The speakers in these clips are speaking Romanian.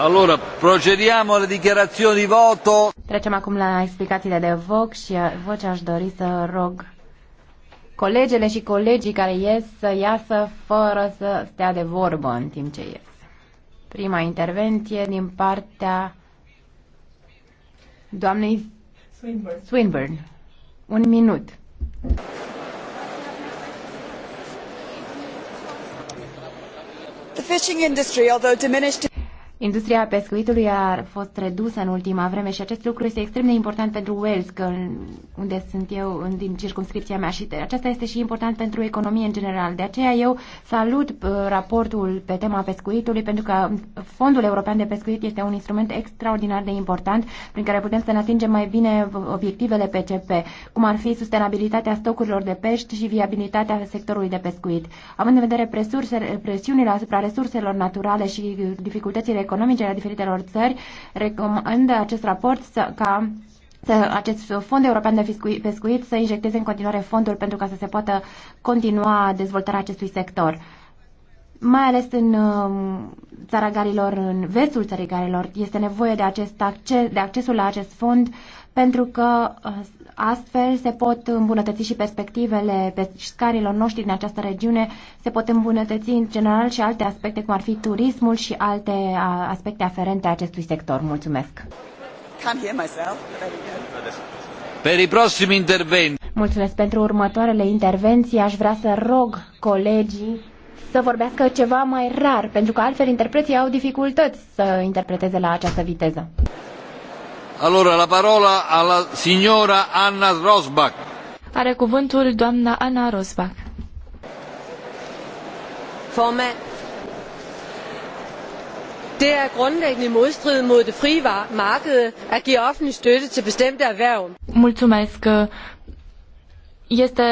Allora, procediamo alle dichiarazioni di voto. Trecem acum la explicațiile de vot și uh, voce aș dori să rog colegele și colegii care ies să iasă fără să stea de vorbă în timp ce ies. Prima intervenție din partea doamnei Swinburne. Swinburne. Un minut. The fishing industry, although diminished Industria pescuitului a fost redusă în ultima vreme și acest lucru este extrem de important pentru Wales, că unde sunt eu din circunscripția mea și aceasta este și important pentru economie în general. De aceea eu salut uh, raportul pe tema pescuitului, pentru că Fondul European de Pescuit este un instrument extraordinar de important prin care putem să ne atingem mai bine obiectivele PCP, cum ar fi sustenabilitatea stocurilor de pești și viabilitatea sectorului de pescuit. Având în vedere presiunile asupra resurselor naturale și dificultățile economice ale diferitelor țări recomandă acest raport să, ca să, acest fond european de pescuit să injecteze în continuare fonduri pentru ca să se poată continua dezvoltarea acestui sector. Mai ales în um, țara garilor, în vestul țării garilor, este nevoie de, acest acces, de accesul la acest fond pentru că uh, Astfel se pot îmbunătăți și perspectivele pescarilor noștri din această regiune, se pot îmbunătăți în general și alte aspecte, cum ar fi turismul și alte aspecte aferente acestui sector. Mulțumesc! Mulțumesc pentru următoarele intervenții. Aș vrea să rog colegii să vorbească ceva mai rar, pentru că altfel interpreții au dificultăți să interpreteze la această viteză. Allora la parola alla signora Anna Rosbach. Are cuvântul doamna Anna Rosbach. Formand, det er grundlæggende modstrid mod det frie marked at give offentlig støtte til bestemte erhverv. Mulțumesc. Este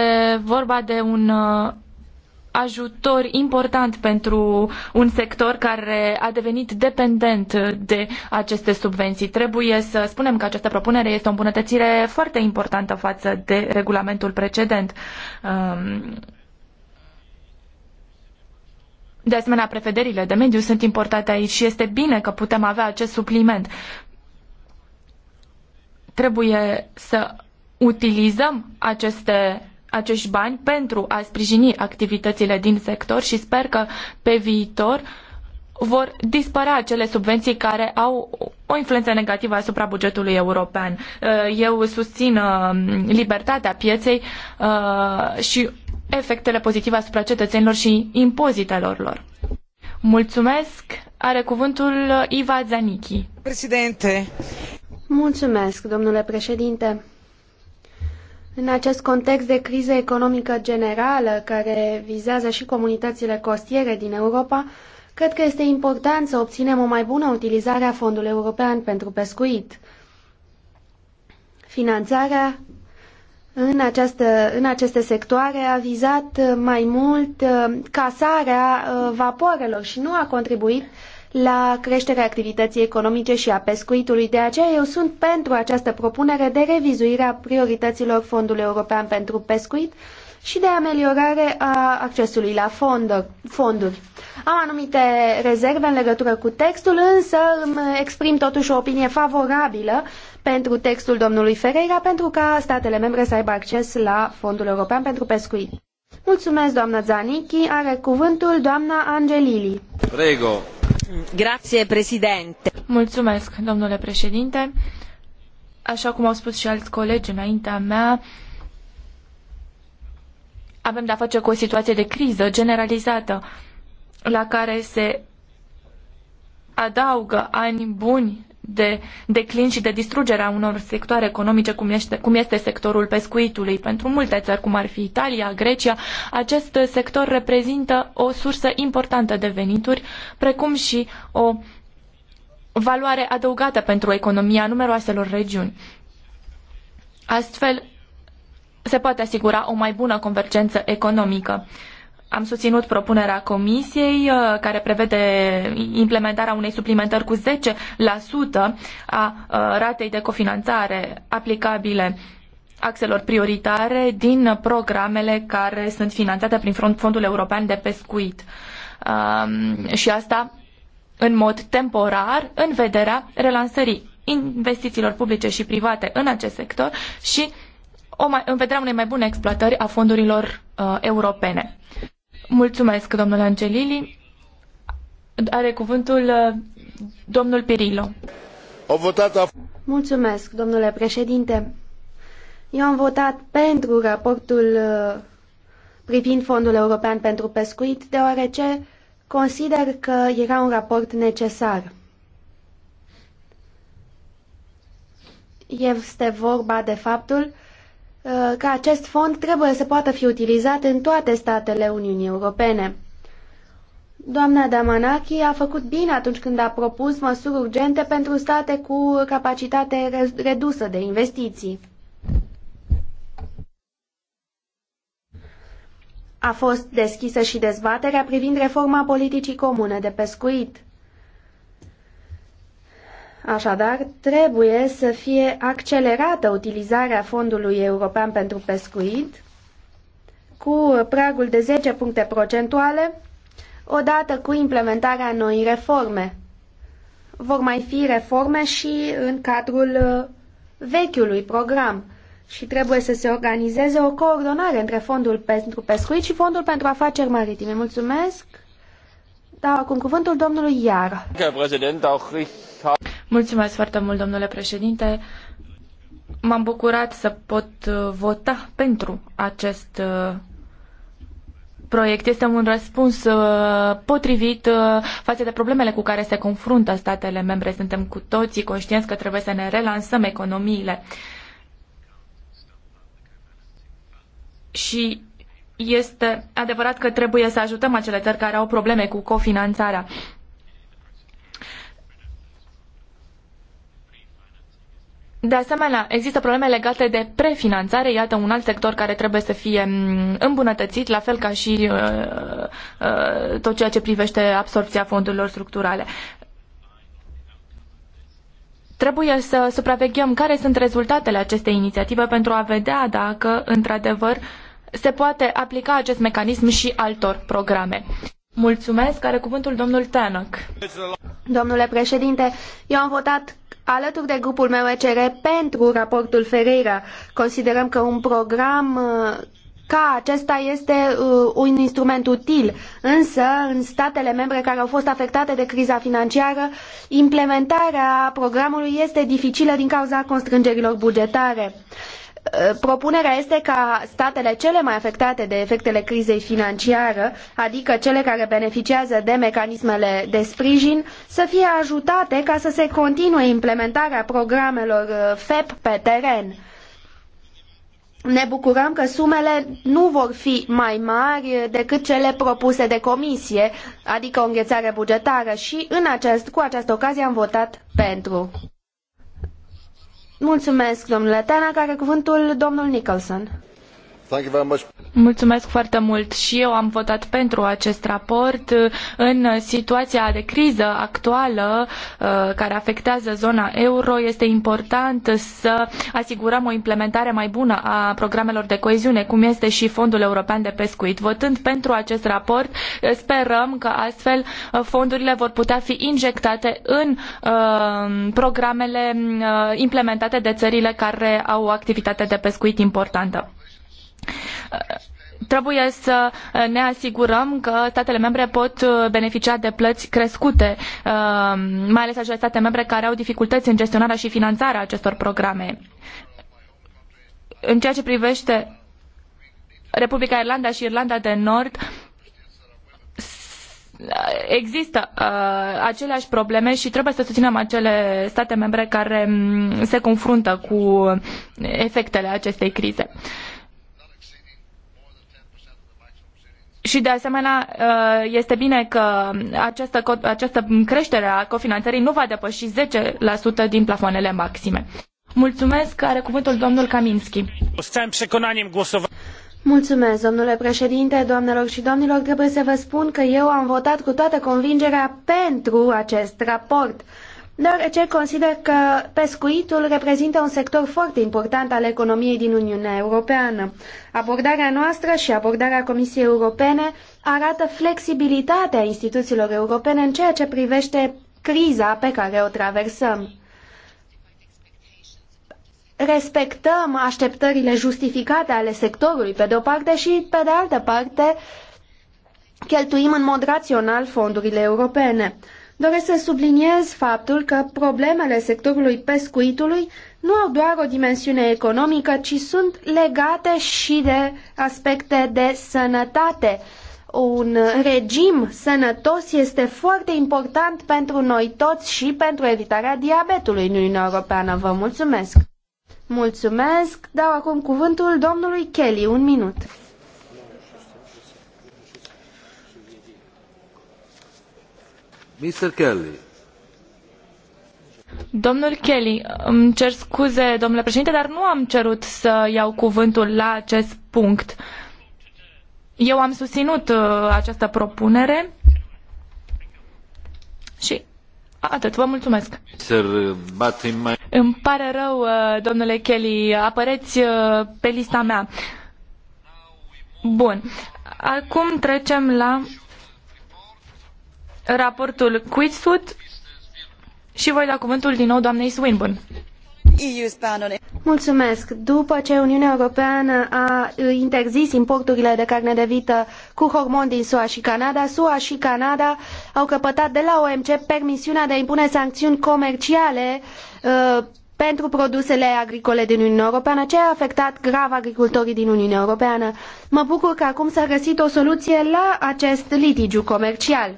vorba de un uh, ajutor important pentru un sector care a devenit dependent de aceste subvenții. Trebuie să spunem că această propunere este o îmbunătățire foarte importantă față de regulamentul precedent. Um, de asemenea, prevederile de mediu sunt importante aici și este bine că putem avea acest supliment. Trebuie să utilizăm aceste acești bani pentru a sprijini activitățile din sector și sper că pe viitor vor dispărea acele subvenții care au o influență negativă asupra bugetului european. Uh, eu susțin uh, libertatea pieței uh, și efectele pozitive asupra cetățenilor și impozitelor lor. Mulțumesc. Are cuvântul Iva Zanichi. Președinte. Mulțumesc, domnule președinte. În acest context de criză economică generală, care vizează și comunitățile costiere din Europa, cred că este important să obținem o mai bună utilizare a Fondului European pentru Pescuit. Finanțarea în, această, în aceste sectoare a vizat mai mult uh, casarea uh, vaporelor și nu a contribuit la creșterea activității economice și a pescuitului. De aceea eu sunt pentru această propunere de revizuire a priorităților Fondului European pentru Pescuit și de ameliorare a accesului la fonduri. Am anumite rezerve în legătură cu textul, însă îmi exprim totuși o opinie favorabilă pentru textul domnului Ferreira pentru ca statele membre să aibă acces la Fondul European pentru Pescuit. Mulțumesc, doamnă Zanichi. Are cuvântul doamna Angelili. Prego. Mulțumesc, domnule președinte. Așa cum au spus și alți colegi înaintea mea, avem de-a face cu o situație de criză generalizată la care se adaugă ani buni de declin și de distrugere a unor sectoare economice, cum este, cum este sectorul pescuitului. Pentru multe țări, cum ar fi Italia, Grecia, acest sector reprezintă o sursă importantă de venituri, precum și o valoare adăugată pentru economia numeroaselor regiuni. Astfel, se poate asigura o mai bună convergență economică. Am susținut propunerea comisiei uh, care prevede implementarea unei suplimentări cu 10% a uh, ratei de cofinanțare aplicabile axelor prioritare din programele care sunt finanțate prin Fondul European de Pescuit. Um, și asta în mod temporar în vederea relansării investițiilor publice și private în acest sector și o mai, în vederea unei mai bune exploatări a fondurilor uh, europene. Mulțumesc, domnule Angelili. Are cuvântul uh, domnul Pirilo. Mulțumesc, domnule președinte. Eu am votat pentru raportul uh, privind Fondul European pentru Pescuit, deoarece consider că era un raport necesar. Este vorba de faptul Uh, că acest fond trebuie să poată fi utilizat în toate statele Uniunii Europene. Doamna Damanaki a făcut bine atunci când a propus măsuri urgente pentru state cu capacitate redusă de investiții. A fost deschisă și dezbaterea privind reforma politicii comune de pescuit. Așadar, trebuie să fie accelerată utilizarea Fondului European pentru Pescuit cu pragul de 10 puncte procentuale odată cu implementarea noii reforme. Vor mai fi reforme și în cadrul uh, vechiului program și trebuie să se organizeze o coordonare între Fondul pentru Pescuit și Fondul pentru Afaceri Maritime. Mulțumesc! Da, acum cuvântul domnului Iar. Mulțumesc foarte mult, domnule președinte. M-am bucurat să pot uh, vota pentru acest uh, proiect. Este un răspuns uh, potrivit față de problemele cu care se confruntă statele membre. Suntem cu toții conștienți că trebuie să ne relansăm economiile. Și este adevărat că trebuie să ajutăm acele țări care au probleme cu cofinanțarea. De asemenea, există probleme legate de prefinanțare, iată un alt sector care trebuie să fie mm, îmbunătățit, la fel ca și uh, uh, tot ceea ce privește absorpția fondurilor structurale. Trebuie să supraveghem care sunt rezultatele acestei inițiative pentru a vedea dacă, într-adevăr, se poate aplica acest mecanism și altor programe. Mulțumesc, are cuvântul domnul Tanăc. Domnule președinte, eu am votat alături de grupul meu ECR pentru raportul Ferreira. Considerăm că un program uh, ca acesta este uh, un instrument util, însă în statele membre care au fost afectate de criza financiară, implementarea programului este dificilă din cauza constrângerilor bugetare. Eh, propunerea este ca statele cele mai afectate de efectele crizei financiare, adică cele care beneficiază de mecanismele de sprijin, să fie ajutate ca să se continue implementarea programelor eh, FEP pe teren. Ne bucurăm că sumele nu vor fi mai mari decât cele propuse de comisie, adică o înghețare bugetară și în acest, cu această ocazie am votat pentru. Mulțumesc, domnule Tena, care cuvântul domnul Nicholson. Mulțumesc foarte mult și eu am votat pentru acest raport. Uh, în situația de criză actuală uh, care afectează zona euro, este important să asigurăm o implementare mai bună a programelor de coeziune, cum este și Fondul European de Pescuit. Votând pentru acest raport, sperăm că astfel uh, fondurile vor putea fi injectate în programele implementate de țările care au o activitate de pescuit importantă. Trebuie să ne asigurăm că statele membre pot beneficia de plăți crescute, uh, mai ales acele state membre care au dificultăți în gestionarea și finanțarea acestor programe. În ceea ce privește Republica Irlanda și Irlanda de Nord, există uh, aceleași probleme și trebuie să susținem acele state membre care mm, se confruntă cu efectele acestei crize. Uh, Și de asemenea, uh, este bine că această, această creștere a cofinanțării nu va depăși 10% din plafoanele maxime. Mulțumesc, are cuvântul domnul Kaminski. Mulțumesc, domnule președinte, doamnelor și domnilor. Trebuie să vă spun că eu am votat cu toată convingerea pentru acest raport deoarece consider că pescuitul reprezintă un sector foarte important al economiei din Uniunea Europeană. Abordarea noastră și abordarea Comisiei Europene arată flexibilitatea instituțiilor europene în ceea ce privește criza pe care o traversăm. Respectăm așteptările justificate ale sectorului, pe de-o parte, și, pe de altă parte, cheltuim în mod rațional fondurile europene. Doresc să subliniez faptul că problemele sectorului pescuitului nu au doar o dimensiune economică, ci sunt legate și de aspecte de sănătate. Un regim sănătos este foarte important pentru noi toți și pentru evitarea diabetului în Uniunea Europeană. Vă mulțumesc! Mulțumesc! Dau acum cuvântul domnului Kelly. Un minut. domnule Kelly. Domnul Kelly, îmi cer scuze, domnule președinte, dar nu am cerut să iau cuvântul la acest punct. Eu am susținut uh, această propunere și atât, vă mulțumesc. Îmi pare rău, uh, domnule Kelly, apăreți uh, pe lista mea. Bun. Acum trecem la raportul Quitsut și voi da cuvântul din nou doamnei Swinburne. Mulțumesc. După ce Uniunea Europeană a interzis importurile de carne de vită cu hormon din SUA și Canada, SUA și Canada au căpătat de la OMC permisiunea de a impune sancțiuni comerciale uh, pentru produsele agricole din Uniunea Europeană, ce a afectat grav agricultorii din Uniunea Europeană. Mă bucur că acum s-a găsit o soluție la acest litigiu comercial.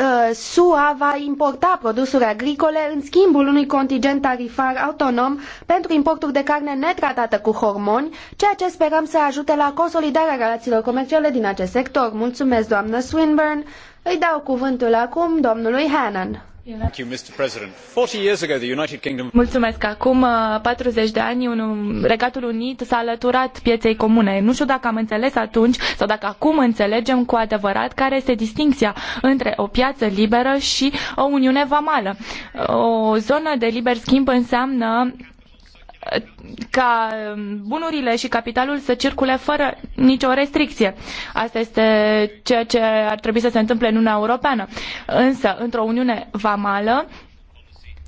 Uh, SUA va importa produsuri agricole în schimbul unui contingent tarifar autonom pentru importuri de carne netratată cu hormoni, ceea ce sperăm să ajute la consolidarea relațiilor comerciale din acest sector. Mulțumesc, doamnă Swinburne. Îi dau cuvântul acum domnului Hannan. Mulțumesc. Acum 40 uh, de ani um, Regatul Unit s-a alăturat pieței comune. Nu știu dacă am înțeles atunci sau dacă acum înțelegem cu adevărat care este distinția între o piață liberă și o uniune vamală. O zonă de liber schimb înseamnă ca um, bunurile și capitalul să circule fără nicio restricție. Asta este ceea ce ar trebui să se întâmple în Uniunea Europeană. Însă, într-o Uniune vamală,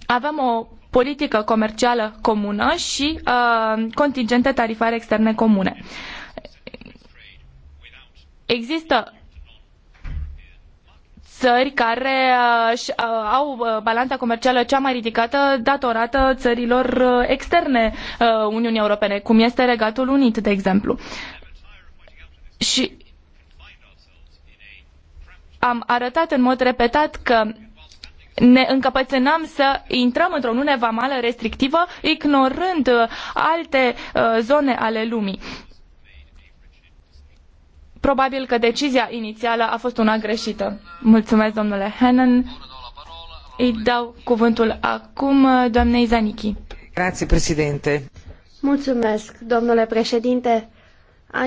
avem o politică comercială comună și uh, contingente tarifare externe comune. Există țări care uh, uh, au uh, balanța comercială cea mai ridicată datorată țărilor externe Uniunii Europene, cum este Regatul Unit, de exemplu. Și am arătat în mod repetat că ne încăpățânăm să intrăm într-o uniune vamală restrictivă, ignorând alte zone ale lumii. Probabil că decizia inițială a fost una greșită. Mulțumesc, domnule Hennen. Îi dau cuvântul acum uh, doamnei Zanichi. Grazie, președinte. Mulțumesc, domnule președinte.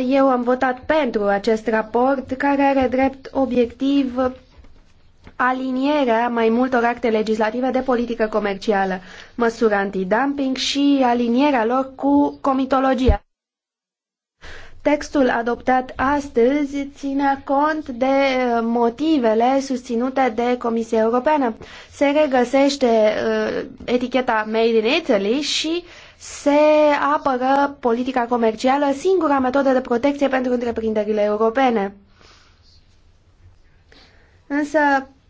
Eu am votat pentru acest raport care are drept obiectiv alinierea mai multor acte legislative de politică comercială, măsura antidumping și alinierea lor cu comitologia. Textul adoptat astăzi ține cont de uh, motivele susținute de Comisia Europeană. Se regăsește uh, eticheta Made in Italy și se apără politica comercială, singura metodă de protecție pentru întreprinderile europene. Însă,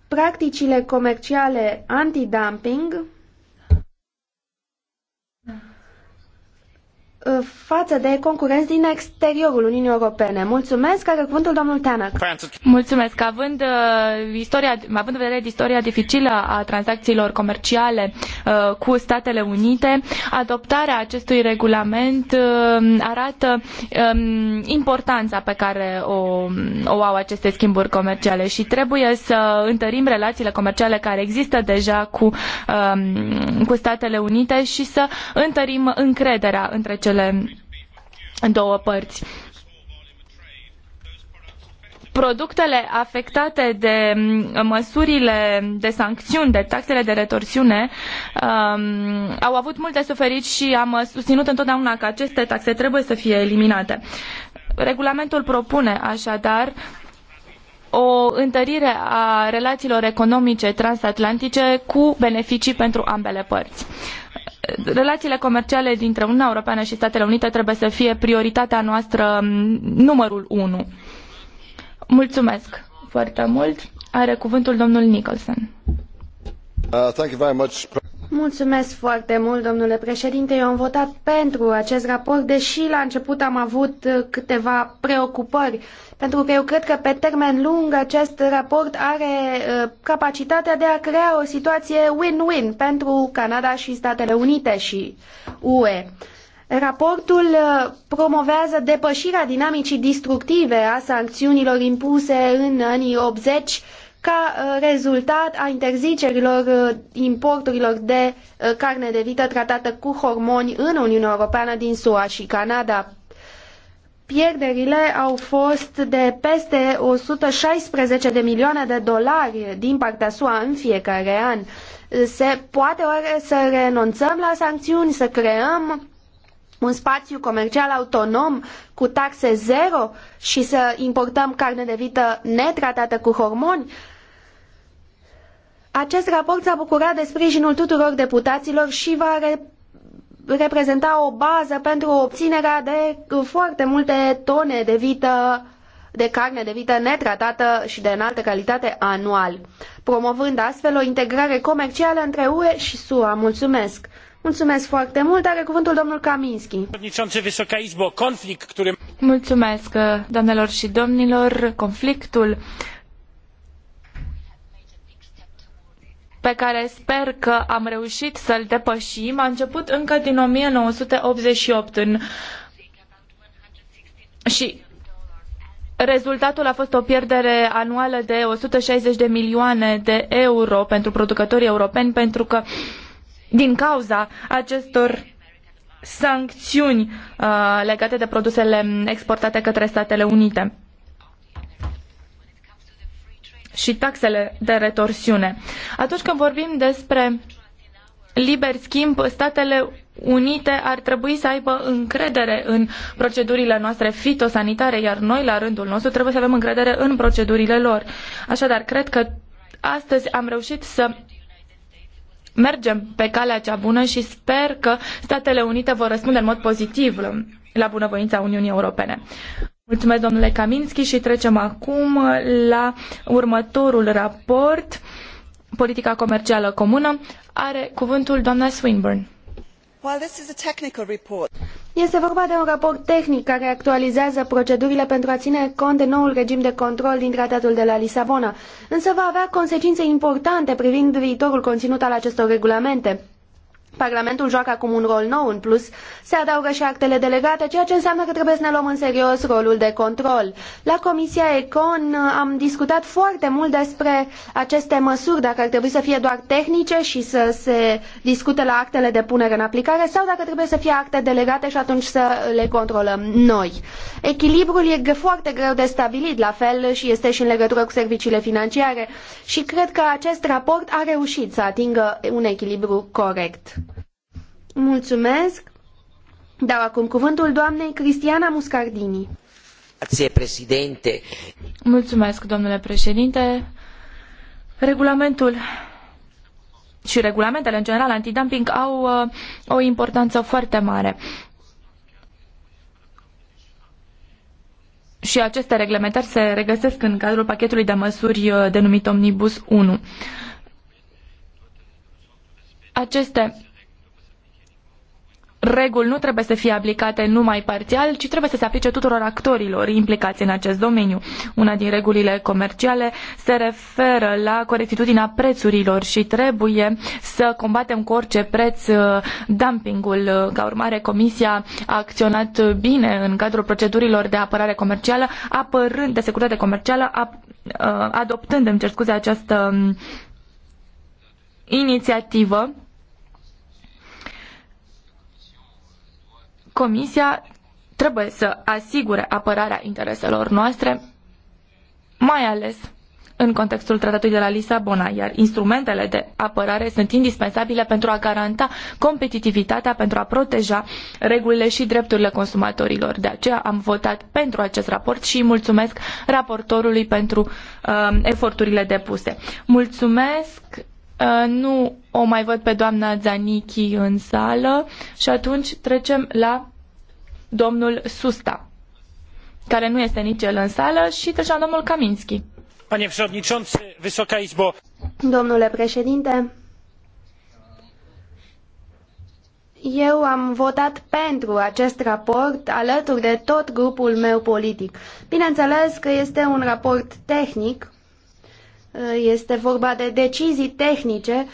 practicile comerciale antidumping Uh, față de concurenți din exteriorul Uniunii Europene. Mulțumesc, are cuvântul domnul Tanak. Mulțumesc. Având, uh, istoria, având în vedere istoria dificilă a tranzacțiilor comerciale uh, cu Statele Unite, adoptarea acestui regulament uh, arată um, importanța pe care o, o au aceste schimburi comerciale și trebuie să întărim relațiile comerciale care există deja cu, um, cu Statele Unite și să întărim încrederea între cele cele două părți productele afectate de mm, măsurile de sancțiuni, de taxele de retorsiune, um, au avut multe suferit și am uh, susținut întotdeauna că aceste taxe trebuie să fie eliminate. Regulamentul propune așadar o întărire a relațiilor economice transatlantice cu beneficii pentru ambele părți relațiile comerciale dintre Uniunea Europeană și Statele Unite trebuie să fie prioritatea noastră numărul unu. Mulțumesc foarte mult. Are cuvântul domnul Nicholson. Uh, Mulțumesc foarte mult, domnule președinte. Eu am votat pentru acest raport, deși la început am avut câteva preocupări pentru că eu cred că pe termen lung acest raport are uh, capacitatea de a crea o situație win-win pentru Canada și Statele Unite și UE. Raportul uh, promovează depășirea dinamicii distructive a sancțiunilor impuse în anii 80 ca uh, rezultat a interzicerilor importurilor de carne de vită tratată cu hormoni în Uniunea Europeană din SUA și Canada. Pierderile au fost de peste 116 de milioane de dolari din partea SUA în fiecare an. Se poate oare să renunțăm la sancțiuni, să creăm un spațiu comercial autonom cu taxe zero și să importăm carne de vită netratată cu hormoni? Acest raport s-a bucurat de sprijinul tuturor deputaților și va reprezenta o bază pentru obținerea de foarte multe tone de vită de carne de vită netratată și de înaltă calitate anual, promovând astfel o integrare comercială între UE și SUA. Mulțumesc! Mulțumesc foarte mult. Are cuvântul domnul Kaminski. Mulțumesc, doamnelor și domnilor. Conflictul pe care sper că am reușit să-l depășim a început încă din 1988 în... și Rezultatul a fost o pierdere anuală de 160 de milioane de euro pentru producătorii europeni pentru că din cauza acestor sancțiuni uh, legate de produsele exportate către Statele Unite și taxele de retorsiune. Atunci când vorbim despre liber schimb, Statele Unite ar trebui să aibă încredere în procedurile noastre fitosanitare, iar noi, la rândul nostru, trebuie să avem încredere în procedurile lor. Așadar, cred că astăzi am reușit să mergem pe calea cea bună și sper că Statele Unite vor răspunde în mod pozitiv la bunăvoința Uniunii Europene. Mulțumesc, domnule Kaminski, și trecem acum la următorul raport, Politica Comercială Comună. Are cuvântul doamna Swinburne. Este vorba de un raport tehnic care actualizează procedurile pentru a ține cont de noul regim de control din Tratatul de la Lisabona, însă va avea consecințe importante privind viitorul conținut al acestor regulamente. Parlamentul joacă acum un rol nou în plus, se adaugă și actele delegate, ceea ce înseamnă că trebuie să ne luăm în serios rolul de control. La Comisia Econ uh, am discutat foarte mult despre aceste măsuri, dacă ar trebui să fie doar tehnice și să se discute la actele de punere în aplicare sau dacă trebuie să fie acte delegate și atunci să le controlăm noi. Echilibrul e foarte greu de stabilit, la fel și este și în legătură cu serviciile financiare și cred că acest raport a reușit să atingă un echilibru corect. Mulțumesc. Dau acum cuvântul doamnei Cristiana Muscardini. Grazie, președinte. Mulțumesc, domnule președinte. Regulamentul și regulamentele în general antidumping au uh, o importanță foarte mare. Și aceste reglementări se regăsesc în cadrul pachetului de măsuri uh, denumit Omnibus 1. Aceste reguli nu trebuie să fie aplicate numai parțial, ci trebuie să se aplice tuturor actorilor implicați în acest domeniu. Una din regulile comerciale se referă la corectitudinea prețurilor și trebuie să combatem cu orice preț uh, dumpingul. Ca urmare, Comisia a acționat bine în cadrul procedurilor de apărare comercială, apărând de securitate comercială, uh, adoptând, îmi cer scuze, această um, inițiativă Comisia trebuie să asigure apărarea intereselor noastre, mai ales în contextul tratatului de la Lisabona, iar instrumentele de apărare sunt indispensabile pentru a garanta competitivitatea, pentru a proteja regulile și drepturile consumatorilor. De aceea am votat pentru acest raport și îi mulțumesc raportorului pentru uh, eforturile depuse. Mulțumesc Uh, nu o mai văd pe doamna Zanichi în sală și atunci trecem la domnul Susta, care nu este nici el în sală și trecem la domnul Kaminski. Panie Przewodniczący, Wysoka Izbo. Domnule președinte, eu am votat pentru acest raport alături de tot grupul meu politic. Bineînțeles că este un raport tehnic Eh, este vorba de decizii tehnice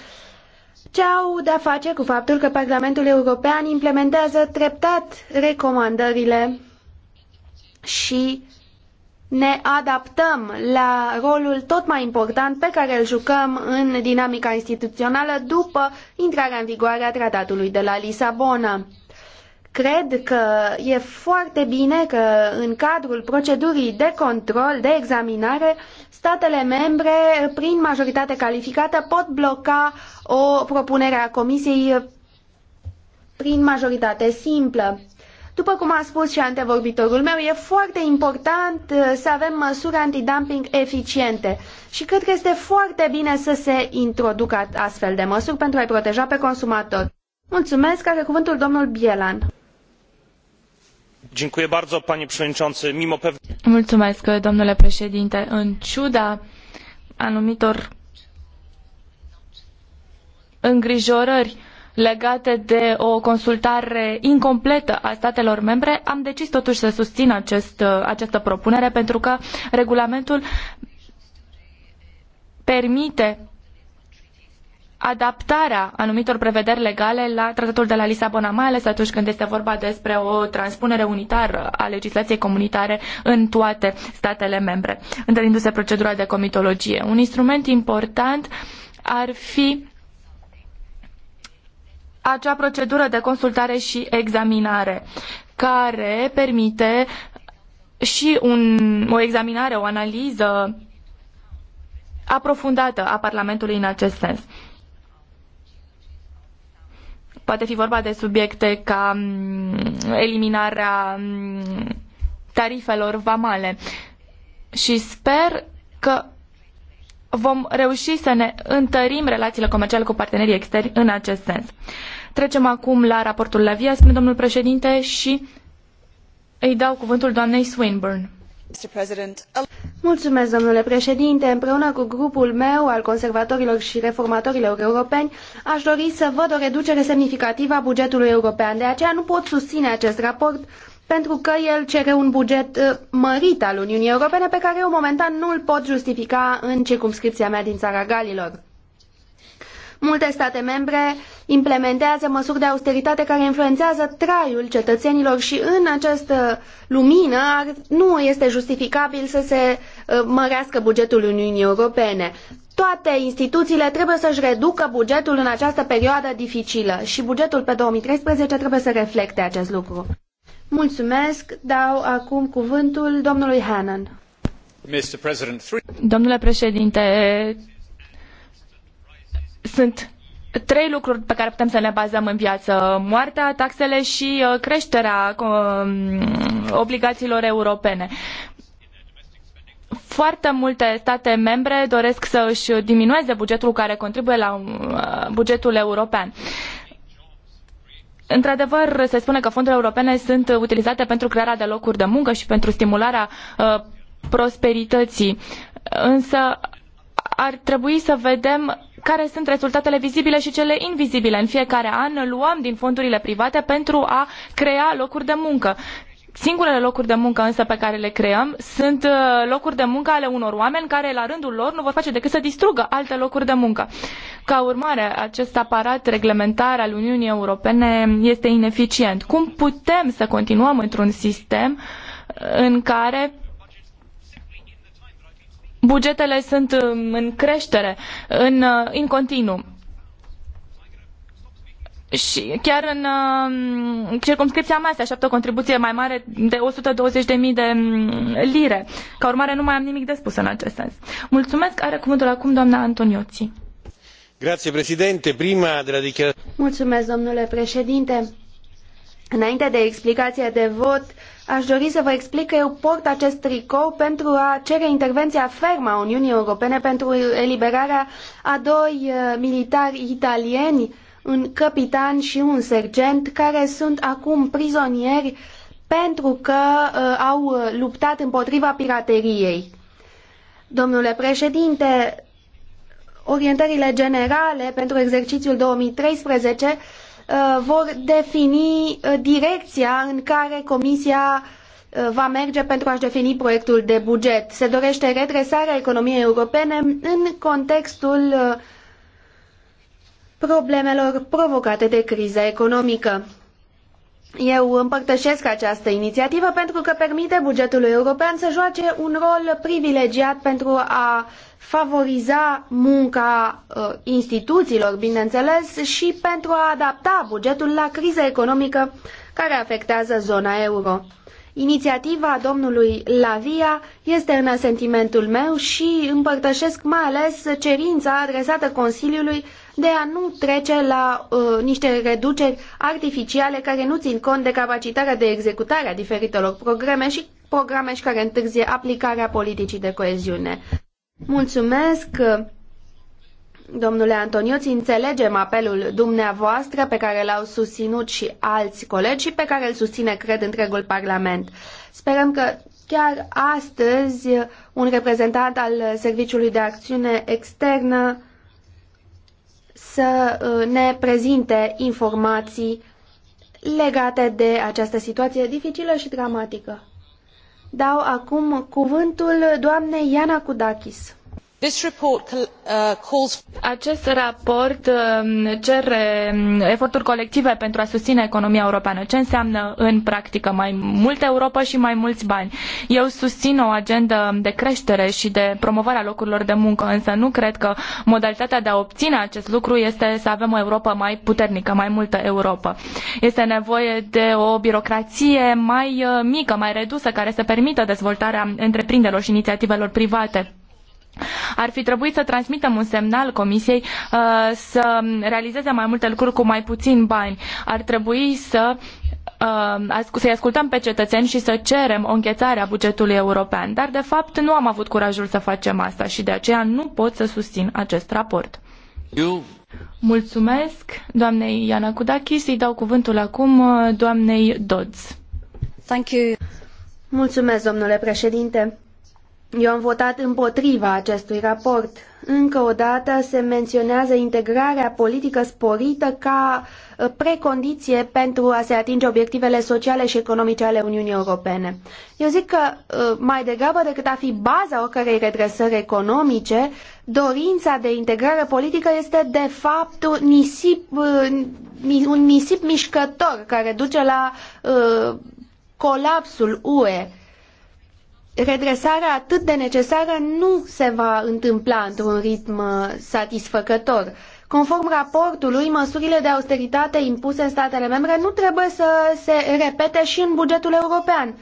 ce au de-a face cu faptul că Parlamentul European implementează treptat recomandările și ne adaptăm la rolul tot mai important pe care îl jucăm în dinamica instituțională după intrarea în vigoare a tratatului de la Lisabona. Cred că e foarte bine că în cadrul procedurii de control, de examinare, statele membre, prin majoritate calificată, pot bloca o propunere a Comisiei prin majoritate simplă. După cum a spus și antevorbitorul meu, e foarte important uh, să avem măsuri antidumping eficiente și cred că este foarte bine să se introducă astfel de măsuri pentru a-i proteja pe consumatori. Mulțumesc, are cuvântul domnul Bielan. Mulțumesc, domnule președinte. În ciuda anumitor îngrijorări legate de o consultare incompletă a statelor membre, am decis totuși să susțin acest, această propunere pentru că regulamentul permite adaptarea anumitor prevederi legale la tratatul de la Lisabona, mai ales atunci când este vorba despre o transpunere unitară a legislației comunitare în toate statele membre, întâlnindu-se procedura de comitologie. Un instrument important ar fi acea procedură de consultare și examinare care permite și un, o examinare, o analiză aprofundată a Parlamentului în acest sens. Poate fi vorba de subiecte ca mm, eliminarea mm, tarifelor vamale. Și sper că vom reuși să ne întărim relațiile comerciale cu partenerii externi în acest sens. Trecem acum la raportul la via, spune domnul președinte, și îi dau cuvântul doamnei Swinburne. Mulțumesc, domnule președinte. Împreună cu grupul meu al conservatorilor și reformatorilor europeni, aș dori să văd o reducere semnificativă a bugetului european. De aceea nu pot susține acest raport pentru că el cere un buget uh, mărit al Uniunii Europene pe care eu momentan nu îl pot justifica în circumscripția mea din țara Galilor. Multe state membre implementează măsuri de austeritate care influențează traiul cetățenilor și în această lumină nu este justificabil să se ă, mărească bugetul Uniunii Europene. Toate instituțiile trebuie să-și reducă bugetul în această perioadă dificilă și bugetul pe 2013 trebuie să reflecte acest lucru. Mulțumesc, dau acum cuvântul domnului Hannan. Domnule președinte, sunt trei lucruri pe care putem să ne bazăm în viață. Moartea, taxele și uh, creșterea um, obligațiilor europene. Foarte multe state membre doresc să își diminueze bugetul care contribuie la uh, bugetul european. Într-adevăr, se spune că fondurile europene sunt utilizate pentru crearea de locuri de muncă și pentru stimularea uh, prosperității. Însă ar trebui să vedem care sunt rezultatele vizibile și cele invizibile. În fiecare an luăm din fondurile private pentru a crea locuri de muncă. Singurele locuri de muncă însă pe care le creăm sunt uh, locuri de muncă ale unor oameni care la rândul lor nu vor face decât să distrugă alte locuri de muncă. Ca urmare, acest aparat reglementar al Uniunii Europene este ineficient. Cum putem să continuăm într-un sistem uh, în care bugetele sunt um, în creștere, în, uh, în continuu. Și chiar în uh, circumscripția mea se așteaptă o contribuție mai mare de 120.000 de um, lire. Ca urmare, nu mai am nimic de spus în acest sens. Mulțumesc. Are cuvântul acum doamna Antonioții. Grație, președinte. Prima de la Mulțumesc, domnule președinte. Înainte de explicația de vot, Aș dori să vă explic că eu port acest tricou pentru a cere intervenția fermă a Uniunii Europene pentru eliberarea a doi uh, militari italieni, un capitan și un sergent, care sunt acum prizonieri pentru că uh, au uh, luptat împotriva pirateriei. Domnule președinte, orientările generale pentru exercițiul 2013 Uh, vor defini uh, direcția în care Comisia uh, va merge pentru a-și defini proiectul de buget. Se dorește redresarea economiei europene în contextul problemelor provocate de criza economică. Eu împărtășesc această inițiativă pentru că permite bugetului european să joace un rol privilegiat pentru a favoriza munca uh, instituțiilor, bineînțeles, și pentru a adapta bugetul la criza economică care afectează zona euro. Inițiativa domnului Lavia este în asentimentul meu și împărtășesc mai ales cerința adresată Consiliului de a nu trece la uh, niște reduceri artificiale care nu țin cont de capacitatea de executare a diferitelor programe și programe și care întârzie aplicarea politicii de coeziune. Mulțumesc! Domnule Antonioți, înțelegem apelul dumneavoastră pe care l-au susținut și alți colegi și pe care îl susține, cred, întregul Parlament. Sperăm că chiar astăzi un reprezentant al Serviciului de Acțiune Externă să uh, ne prezinte informații legate de această situație dificilă și dramatică. Dau acum cuvântul doamnei Iana Kudakis. Uh, acest raport um, cere um, eforturi colective pentru a susține economia europeană. Ce înseamnă în practică mai multă Europa și mai mulți bani? Eu susin o agendă de creștere și de promovare a locurilor de muncă, însă nu cred că modalitatea de a obține acest lucru este să avem o Europa mai puternică, mai multă Europa. Este nevoie de o birocraie mai uh, mică, mai redusă, care să permită dezvoltarea întreprinderilor și inițiativelor private ar fi trebuit să transmitem un semnal Comisiei uh, să realizeze mai multe lucruri cu mai puțin bani. Ar trebui să uh, să-i ascultăm pe cetățeni și să cerem o înghețare a bugetului european. Dar, de fapt, nu am avut curajul să facem asta și de aceea nu pot să susțin acest raport. Eu... Mulțumesc doamnei Iana Kudakis. Îi dau cuvântul acum uh, doamnei Dodds. Mulțumesc, domnule președinte. Eu am votat împotriva acestui raport. Încă o dată se menționează integrarea politică sporită ca uh, precondiție pentru a se atinge obiectivele sociale și economice ale Uniunii Europene. Eu zic că uh, mai degrabă decât a fi baza oricărei redresări economice, dorința de integrare politică este de fapt un nisip, uh, un nisip mișcător care duce la colapsul UE redresarea atât de necesară nu se va întâmpla într-un ritm uh, satisfăcător. Conform raportului, măsurile de austeritate impuse în statele membre nu trebuie să se repete și în bugetul european.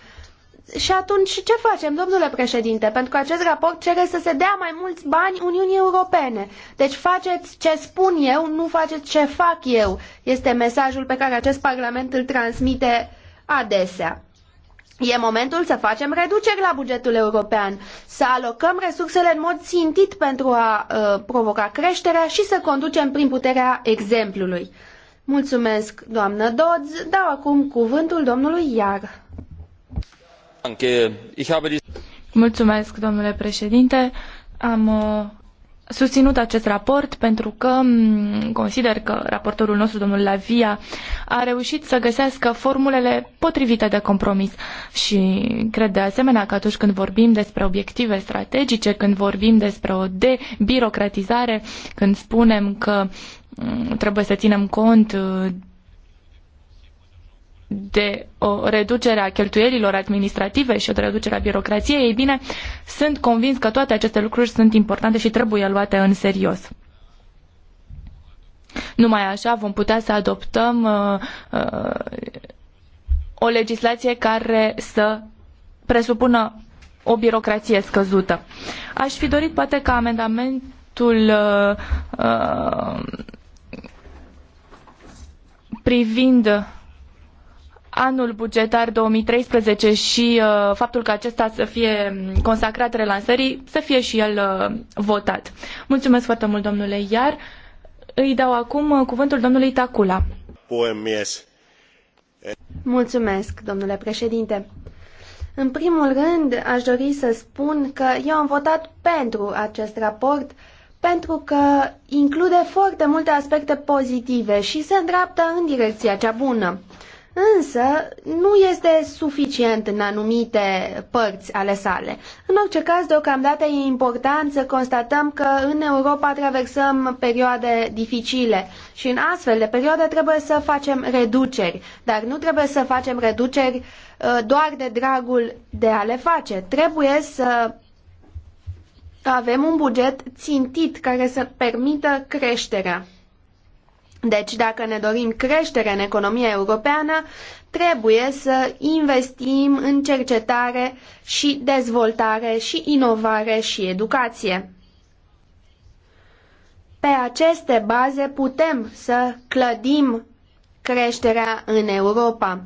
Și atunci ce facem, domnule președinte? Pentru că acest raport cere să se dea mai mulți bani Uniunii Europene. Deci faceți ce spun eu, nu faceți ce fac eu. Este mesajul pe care acest Parlament îl transmite adesea. E momentul să facem reduceri la bugetul european, să alocăm resursele în mod țintit pentru a uh, provoca creșterea și să conducem prin puterea exemplului. Mulțumesc, doamnă Dodds. Dau acum cuvântul domnului Iar. Mulțumesc, domnule președinte. Am o uh, susținut acest raport pentru că consider că raportorul nostru, domnul Lavia, a reușit să găsească formulele potrivite de compromis și cred de asemenea că atunci când vorbim despre obiective strategice, când vorbim despre o debirocratizare, când spunem că trebuie să ținem cont de o reducere a cheltuielilor administrative și o reducere a birocrației, ei bine, sunt convins că toate aceste lucruri sunt importante și trebuie luate în serios. Numai așa vom putea să adoptăm uh, uh, o legislație care să presupună o birocrație scăzută. Aș fi dorit poate ca amendamentul uh, uh privind anul bugetar 2013 și uh, faptul că acesta să fie consacrat relansării, să fie și el uh, votat. Mulțumesc foarte mult, domnule Iar. Îi dau acum uh, cuvântul domnului Tacula. Mulțumesc, domnule președinte. În primul rând, aș dori să spun că eu am votat pentru acest raport pentru că include foarte multe aspecte pozitive și se îndreaptă în direcția cea bună însă nu este suficient în anumite părți ale sale. În orice caz, deocamdată e important să constatăm că în Europa traversăm perioade dificile și în astfel de perioade trebuie să facem reduceri, dar nu trebuie să facem reduceri uh, doar de dragul de a le face. Trebuie să avem un buget țintit care să permită creșterea. Deci, dacă ne dorim creștere în economia europeană, trebuie să investim în cercetare și dezvoltare și inovare și educație. Pe aceste baze putem să clădim creșterea în Europa.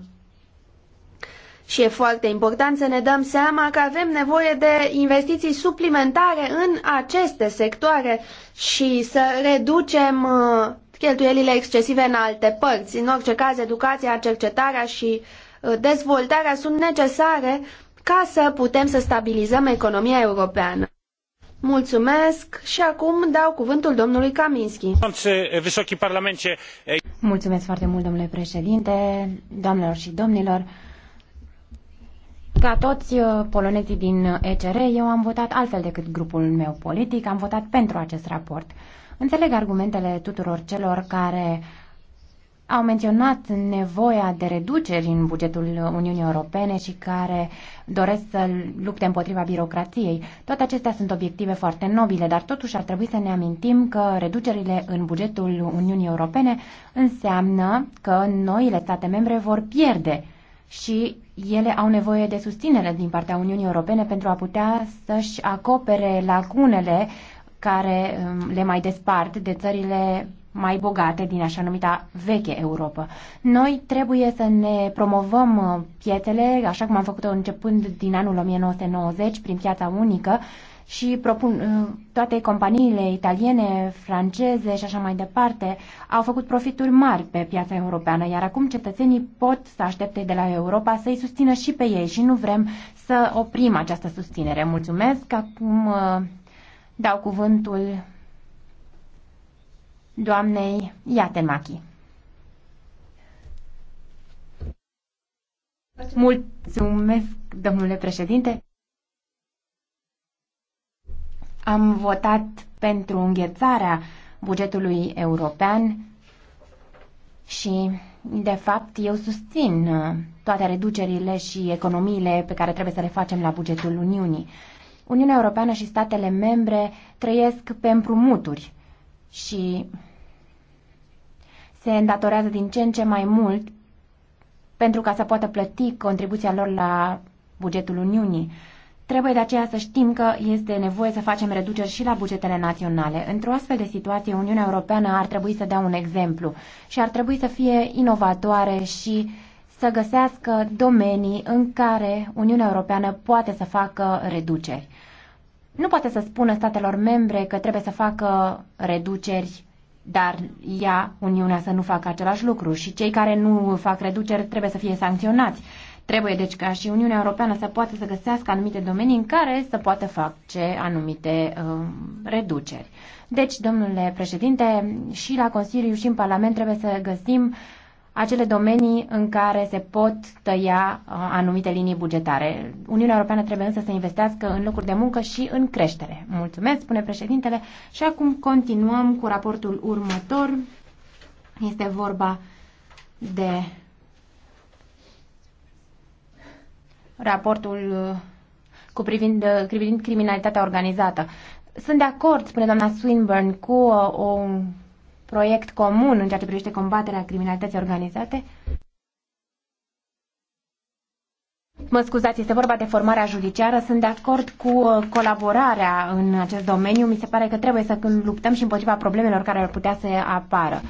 Și e foarte important să ne dăm seama că avem nevoie de investiții suplimentare în aceste sectoare și să reducem uh, cheltuielile excesive în alte părți. În orice caz, educația, cercetarea și uh, dezvoltarea sunt necesare ca să putem să stabilizăm economia europeană. Mulțumesc și acum dau cuvântul domnului Kaminski. Mulțumesc foarte mult, domnule președinte, doamnelor și domnilor. Ca toți uh, polonezii din uh, ECR, eu am votat altfel decât grupul meu politic, am votat pentru acest raport. Înțeleg argumentele tuturor celor care au menționat nevoia de reduceri în bugetul Uniunii Europene și care doresc să lupte împotriva birocrației. Toate acestea sunt obiective foarte nobile, dar totuși ar trebui să ne amintim că reducerile în bugetul Uniunii Europene înseamnă că noile state membre vor pierde și ele au nevoie de susținere din partea Uniunii Europene pentru a putea să-și acopere lacunele care um, le mai despart de țările mai bogate din așa numita veche Europa. Noi trebuie să ne promovăm uh, piețele, așa cum am făcut-o începând din anul 1990, prin piața unică, și propun, uh, toate companiile italiene, franceze și așa mai departe au făcut profituri mari pe piața europeană, iar acum cetățenii pot să aștepte de la Europa să-i susțină și pe ei și nu vrem să oprim această susținere. Mulțumesc. Acum uh, dau cuvântul doamnei Iatemachi. Mulțumesc, domnule președinte. Am votat pentru înghețarea bugetului european și, de fapt, eu susțin uh, toate reducerile și economiile pe care trebuie să le facem la bugetul Uniunii. Uniunea Europeană și statele membre trăiesc pe împrumuturi și se îndatorează din ce în ce mai mult pentru ca să poată plăti contribuția lor la bugetul Uniunii. Trebuie de aceea să știm că este nevoie să facem reduceri și la bugetele naționale. Într-o astfel de situație, Uniunea Europeană ar trebui să dea un exemplu și ar trebui să fie inovatoare și să găsească domenii în care Uniunea Europeană poate să facă reduceri. Nu poate să spună statelor membre că trebuie să facă reduceri dar ea, Uniunea, să nu facă același lucru și cei care nu fac reduceri trebuie să fie sancționați. Trebuie deci ca și Uniunea Europeană să poată să găsească anumite domenii în care să poată face anumite um, reduceri. Deci, domnule președinte, și la Consiliu și în Parlament trebuie să găsim acele domenii în care se pot tăia uh, anumite linii bugetare. Uniunea Europeană trebuie însă să investească în locuri de muncă și în creștere. Mulțumesc, spune președintele. Și acum continuăm cu raportul următor. Este vorba de raportul uh, cu privind, uh, privind criminalitatea organizată. Sunt de acord, spune doamna Swinburne, cu uh, un proiect comun în ceea ce privește combaterea criminalității organizate. Mă scuzați, este vorba de formarea judiciară. Sunt de acord cu colaborarea în acest domeniu. Mi se pare că trebuie să luptăm și împotriva problemelor care ar putea să apară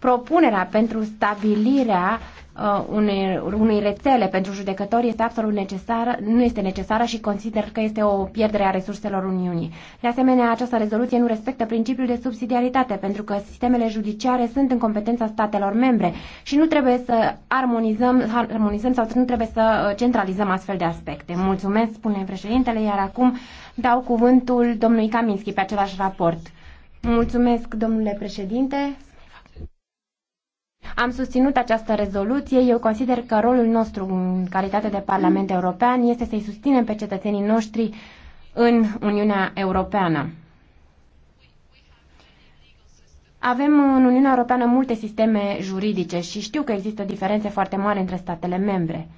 propunerea pentru stabilirea uh, unei, unei rețele pentru judecători este absolut necesară, nu este necesară și consider că este o pierdere a resurselor Uniunii. De asemenea, această rezoluție nu respectă principiul de subsidiaritate, pentru că sistemele judiciare sunt în competența statelor membre și nu trebuie să armonizăm, armonizăm sau nu trebuie să uh, centralizăm astfel de aspecte. Mulțumesc, spune președintele, iar acum dau cuvântul domnului Kaminski pe același raport. Mulțumesc, domnule președinte. Am susținut această rezoluție. Eu consider că rolul nostru în calitate de Parlament European este să-i susținem pe cetățenii noștri în Uniunea Europeană. Avem în Uniunea Europeană multe sisteme juridice și știu că există diferențe foarte mari între statele membre.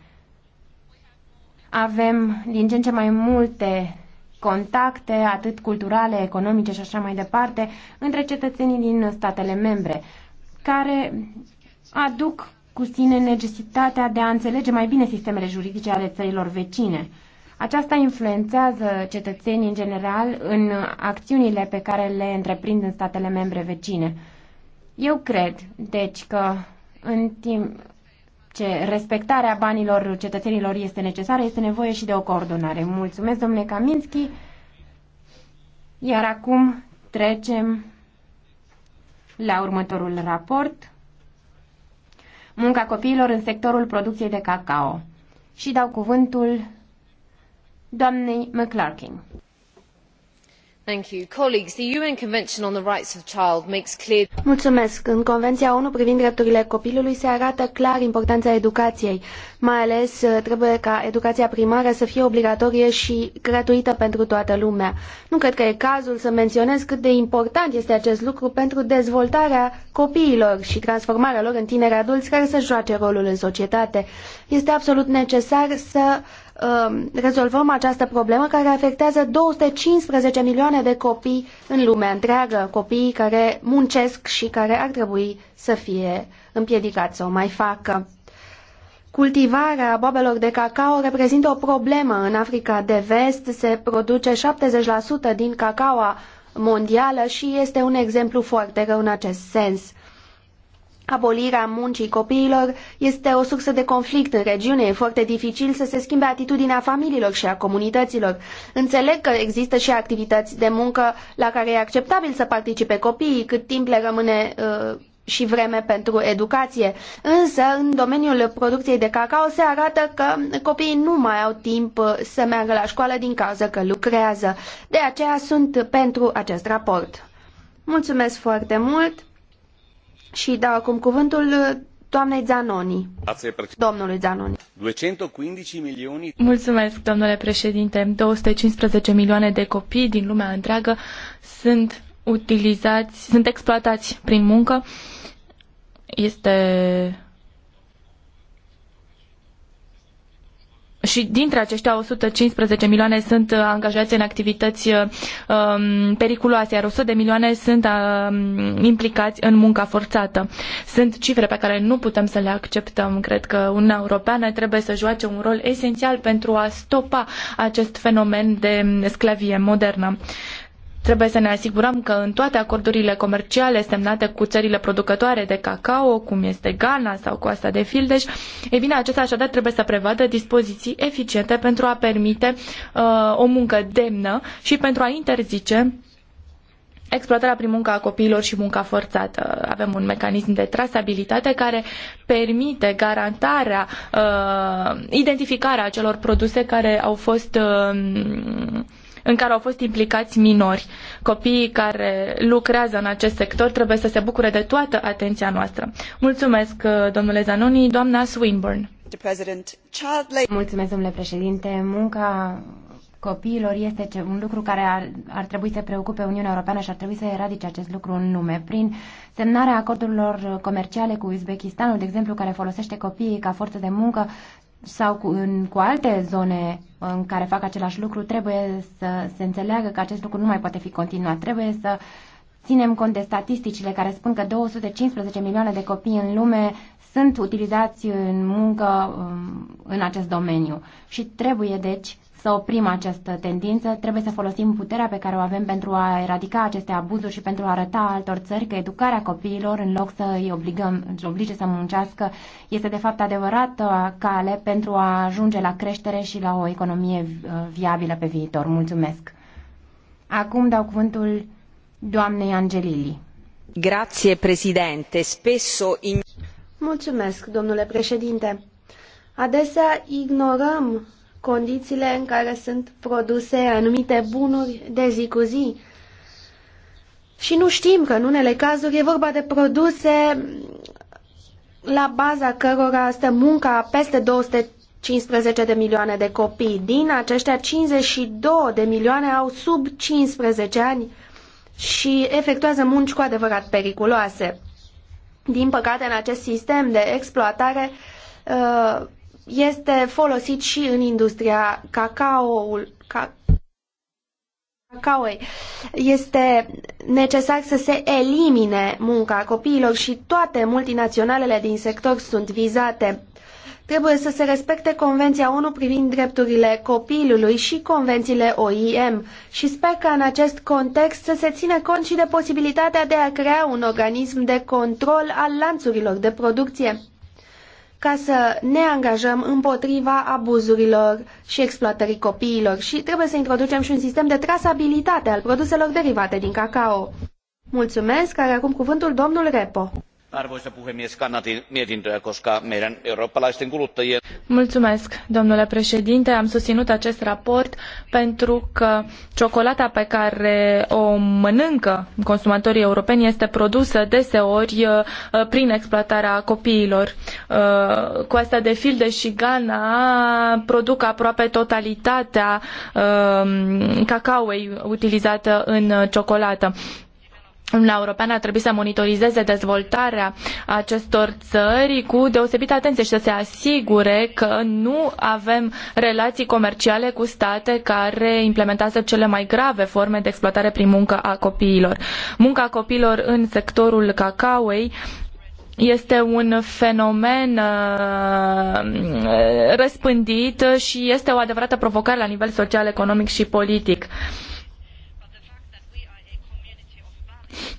Avem din ce în ce mai multe contacte, atât culturale, economice și așa mai departe, între cetățenii din statele membre, care aduc cu sine necesitatea de a înțelege mai bine sistemele juridice ale țărilor vecine. Aceasta influențează cetățenii în general în acțiunile pe care le întreprind în statele membre vecine. Eu cred, deci, că în timp ce respectarea banilor cetățenilor este necesară, este nevoie și de o coordonare. Mulțumesc, domnule Kaminski. Iar acum trecem la următorul raport munca copiilor în sectorul producției de cacao. Și dau cuvântul doamnei McClarkin. Mulțumesc. în convenia onu privind drepturile copilului se arată clar importana educaiei mai ales uh, trebuie ca educaia primară să fie obligatorie i gratuită pentru toată lumea. nu cred că e cazul să menionez cât de important este acest lucru pentru dezvoltarea copiilor i transformarea lor în tineri aduli care să joace rolul în societate. este absolut necesar să Um, rezolvăm această problemă care afectează 215 milioane de copii în lumea întreagă, copii care muncesc și care ar trebui să fie împiedicați să o mai facă. Cultivarea boabelor de cacao reprezintă o problemă în Africa de Vest, se produce 70% din cacaoa mondială și este un exemplu foarte rău în acest sens. Abolirea muncii copiilor este o sursă de conflict în regiune. E foarte dificil să se schimbe atitudinea familiilor și a comunităților. Înțeleg că există și activități de muncă la care e acceptabil să participe copiii cât timp le rămâne uh, și vreme pentru educație. Însă, în domeniul producției de cacao se arată că copiii nu mai au timp uh, să meargă la școală din cauza că lucrează. De aceea sunt pentru acest raport. Mulțumesc foarte mult! Și da acum cuvântul uh, doamnei Zanoni. Domnului Zanoni. 215 milioane. Mulțumesc, domnule președinte. 215 milioane de copii din lumea întreagă sunt utilizați, sunt exploatați prin muncă. Este și dintre aceștia 115 milioane sunt uh, angajați în activități uh, um, periculoase, iar 100 de milioane sunt um, implicați în munca forțată. Sunt cifre pe care nu putem să le acceptăm. Cred că Uniunea Europeană trebuie să joace un rol esențial pentru a stopa acest fenomen de sclavie modernă. Trebuie să ne asigurăm că în toate acordurile comerciale semnate cu țările producătoare de cacao, cum este Ghana sau Coasta de Fildeș, e bine, acestea așadar trebuie să prevadă dispoziții eficiente pentru a permite uh, o muncă demnă și pentru a interzice exploatarea prin munca a copiilor și munca forțată. Avem un mecanism de trasabilitate care permite garantarea, uh, identificarea acelor produse care au fost uh, în care au fost implicați minori. Copiii care lucrează în acest sector trebuie să se bucure de toată atenția noastră. Mulțumesc, uh, domnule Zanoni, doamna Swinburne. Mulțumesc, domnule președinte. Munca copiilor este un lucru care ar, ar trebui să preocupe Uniunea Europeană și ar trebui să eradice acest lucru în nume. Prin semnarea acordurilor comerciale cu Uzbekistanul, de exemplu, care folosește copiii ca forță de muncă, sau cu, în, cu alte zone în care fac același lucru, trebuie să se înțeleagă că acest lucru nu mai poate fi continuat. Trebuie să ținem cont de statisticile care spun că 215 milioane de copii în lume sunt utilizați în muncă um, în acest domeniu și trebuie, deci, să oprim această tendință, trebuie să folosim puterea pe care o avem pentru a eradica aceste abuzuri și pentru a arăta altor țări că educarea copiilor, în loc să îi obligăm, îi oblige să muncească, este de fapt adevărată cale pentru a ajunge la creștere și la o economie uh, viabilă pe viitor. Mulțumesc! Acum dau cuvântul doamnei Angelili. Grazie, președinte. Spesso in... Mulțumesc, domnule președinte. Adesea ignorăm condițiile în care sunt produse anumite bunuri de zi cu zi. Și nu știm că în unele cazuri e vorba de produse la baza cărora stă munca peste 15 de milioane de copii. Din aceștia, 52 de milioane au sub 15 ani și efectuează munci cu adevărat periculoase. Din păcate, în acest sistem de exploatare, uh, este folosit și în industria cacaoul, ca, cacaoi. Este necesar să se elimine munca copiilor și toate multinaționalele din sector sunt vizate. Trebuie să se respecte Convenția ONU privind drepturile copilului și convențiile OIM și sper că în acest context să se țină cont și de posibilitatea de a crea un organism de control al lanțurilor de producție ca să ne angajăm împotriva abuzurilor și exploatării copiilor și trebuie să introducem și un sistem de trasabilitate al produselor derivate din cacao. Mulțumesc, care acum cuvântul domnul Repo arvoisa puhemies kannatin mietintöä koska meidän eurooppalaisten kuluttajien. Mulțumesc, domnule președinte. Am susținut acest raport pentru că ciocolata pe care o mănâncă consumatorii europeni este produsă deseori uh, prin exploatarea copiilor. Uh, Coasta de Filde și Ghana produc aproape totalitatea uh, cacaoei utilizată în ciocolată. Uniunea Europeană ar trebui să monitorizeze dezvoltarea acestor țări cu deosebită atenție și să se asigure că nu avem relații comerciale cu state care implementează cele mai grave forme de exploatare prin muncă a copiilor. Munca copiilor în sectorul cacaoei este un fenomen uh, răspândit și este o adevărată provocare la nivel social, economic și politic.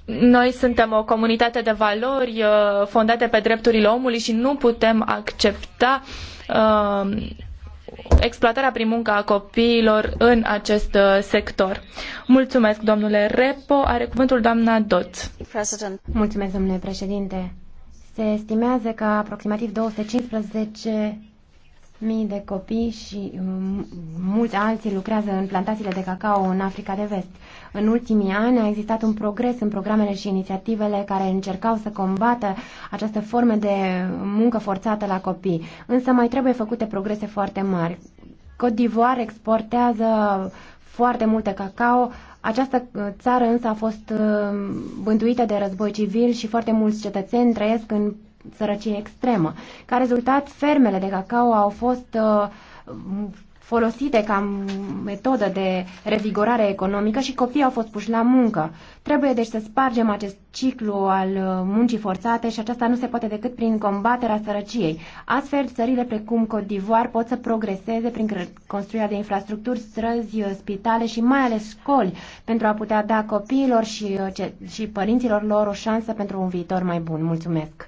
Noi suntem o comunitate de valori uh, fondate pe drepturile omului și nu putem accepta uh, exploatarea prin muncă a copiilor în acest uh, sector. Mulțumesc, domnule Repo. Are cuvântul doamna Dot. President. Mulțumesc, domnule președinte. Se estimează că aproximativ 215 Mii de copii și um, mulți alții lucrează în plantațiile de cacao în Africa de Vest. În ultimii ani a existat un progres în programele și inițiativele care încercau să combată această forme de muncă forțată la copii. Însă mai trebuie făcute progrese foarte mari. Cote d'Ivoire exportează foarte multe cacao. Această uh, țară însă a fost uh, bântuită de război civil și foarte mulți cetățeni trăiesc în sărăcie extremă. Ca rezultat, fermele de cacao au fost uh, folosite ca metodă de revigorare economică și copiii au fost puși la muncă. Trebuie deci să spargem acest ciclu al uh, muncii forțate și aceasta nu se poate decât prin combaterea sărăciei. Astfel, țările precum Côte d'Ivoire pot să progreseze prin construirea de infrastructuri, străzi, uh, spitale și mai ales școli pentru a putea da copiilor și, și părinților lor o șansă pentru un viitor mai bun. Mulțumesc!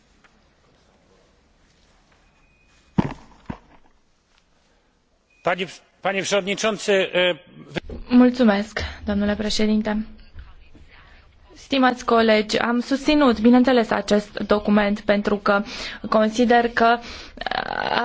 Panie przewodniczący. Mulțumesc, domnule președinte. Stimați colegi, am susținut, bineînțeles, acest document pentru că consider că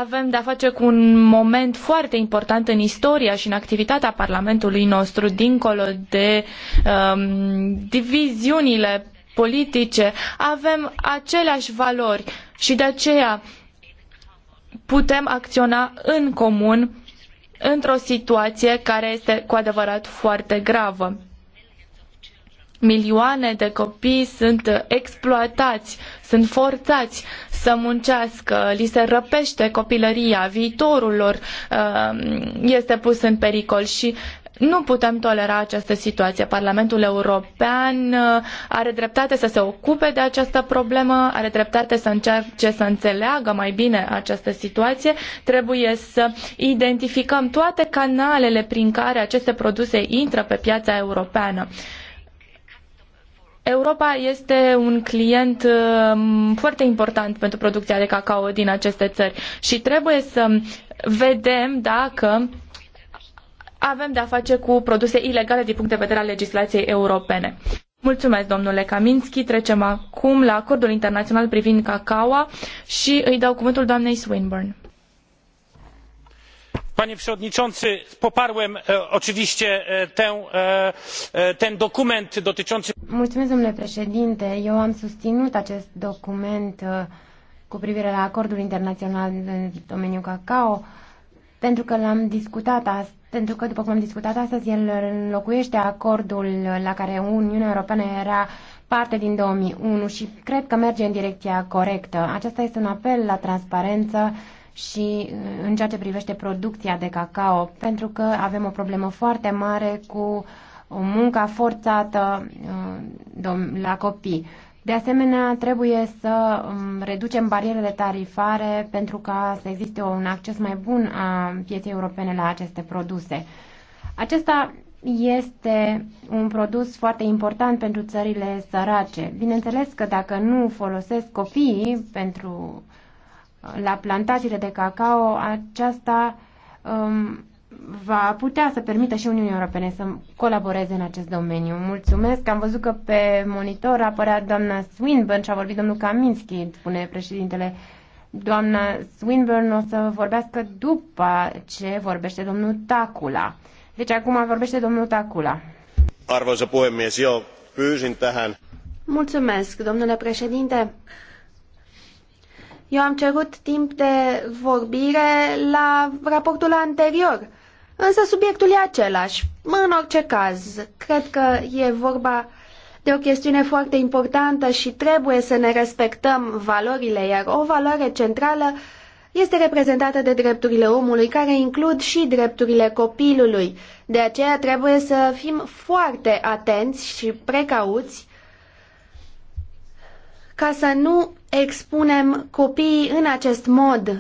avem de-a face cu un moment foarte important în istoria și în activitatea Parlamentului nostru, dincolo de um, diviziunile politice, avem aceleași valori și de aceea putem acționa în comun într-o situație care este cu adevărat foarte gravă. Milioane de copii sunt exploatați, sunt forțați să muncească, li se răpește copilăria, viitorul lor uh, este pus în pericol și nu putem tolera această situație. Parlamentul European uh, are dreptate să se ocupe de această problemă, are dreptate să încerce să înțeleagă mai bine această situație. Trebuie să identificăm toate canalele prin care aceste produse intră pe piața europeană. Europa este un client uh, foarte important pentru producția de cacao din aceste țări și trebuie să vedem dacă avem de a face cu produse ilegale din punct de vedere al legislației europene. Mulțumesc, domnule Kaminski. Trecem acum la acordul internațional privind cacao și îi dau cuvântul doamnei Swinburne. Panie przewodniczący, poparłem e, oczywiście ten, e, ten dokument dotyczący. Mulțumesc, domnule președinte. Eu am susținut acest document cu privire la acordul internațional în domeniul cacao pentru că l-am discutat astăzi pentru că, după cum am discutat astăzi, el înlocuiește acordul la care Uniunea Europeană era parte din 2001 și cred că merge în direcția corectă. Acesta este un apel la transparență și în ceea ce privește producția de cacao, pentru că avem o problemă foarte mare cu munca forțată uh, la copii. De asemenea, trebuie să um, reducem barierele tarifare pentru ca să existe un acces mai bun a pieței europene la aceste produse. Acesta este un produs foarte important pentru țările sărace. Bineînțeles că dacă nu folosesc copiii pentru la plantațiile de cacao, aceasta um, va putea să permită și Uniunii Europene să colaboreze în acest domeniu. Mulțumesc. Am văzut că pe monitor apărea doamna Swinburne și a vorbit domnul Kaminski, spune președintele. Doamna Swinburne o să vorbească după ce vorbește domnul Tacula. Deci acum vorbește domnul Tacula. Arvoisa puhemies, eu pyysin tähän. Mulțumesc, domnule președinte. Eu am cerut timp de vorbire la raportul anterior Însă subiectul e același. În orice caz, cred că e vorba de o chestiune foarte importantă și trebuie să ne respectăm valorile, iar o valoare centrală este reprezentată de drepturile omului, care includ și drepturile copilului. De aceea trebuie să fim foarte atenți și precauți ca să nu expunem copiii în acest mod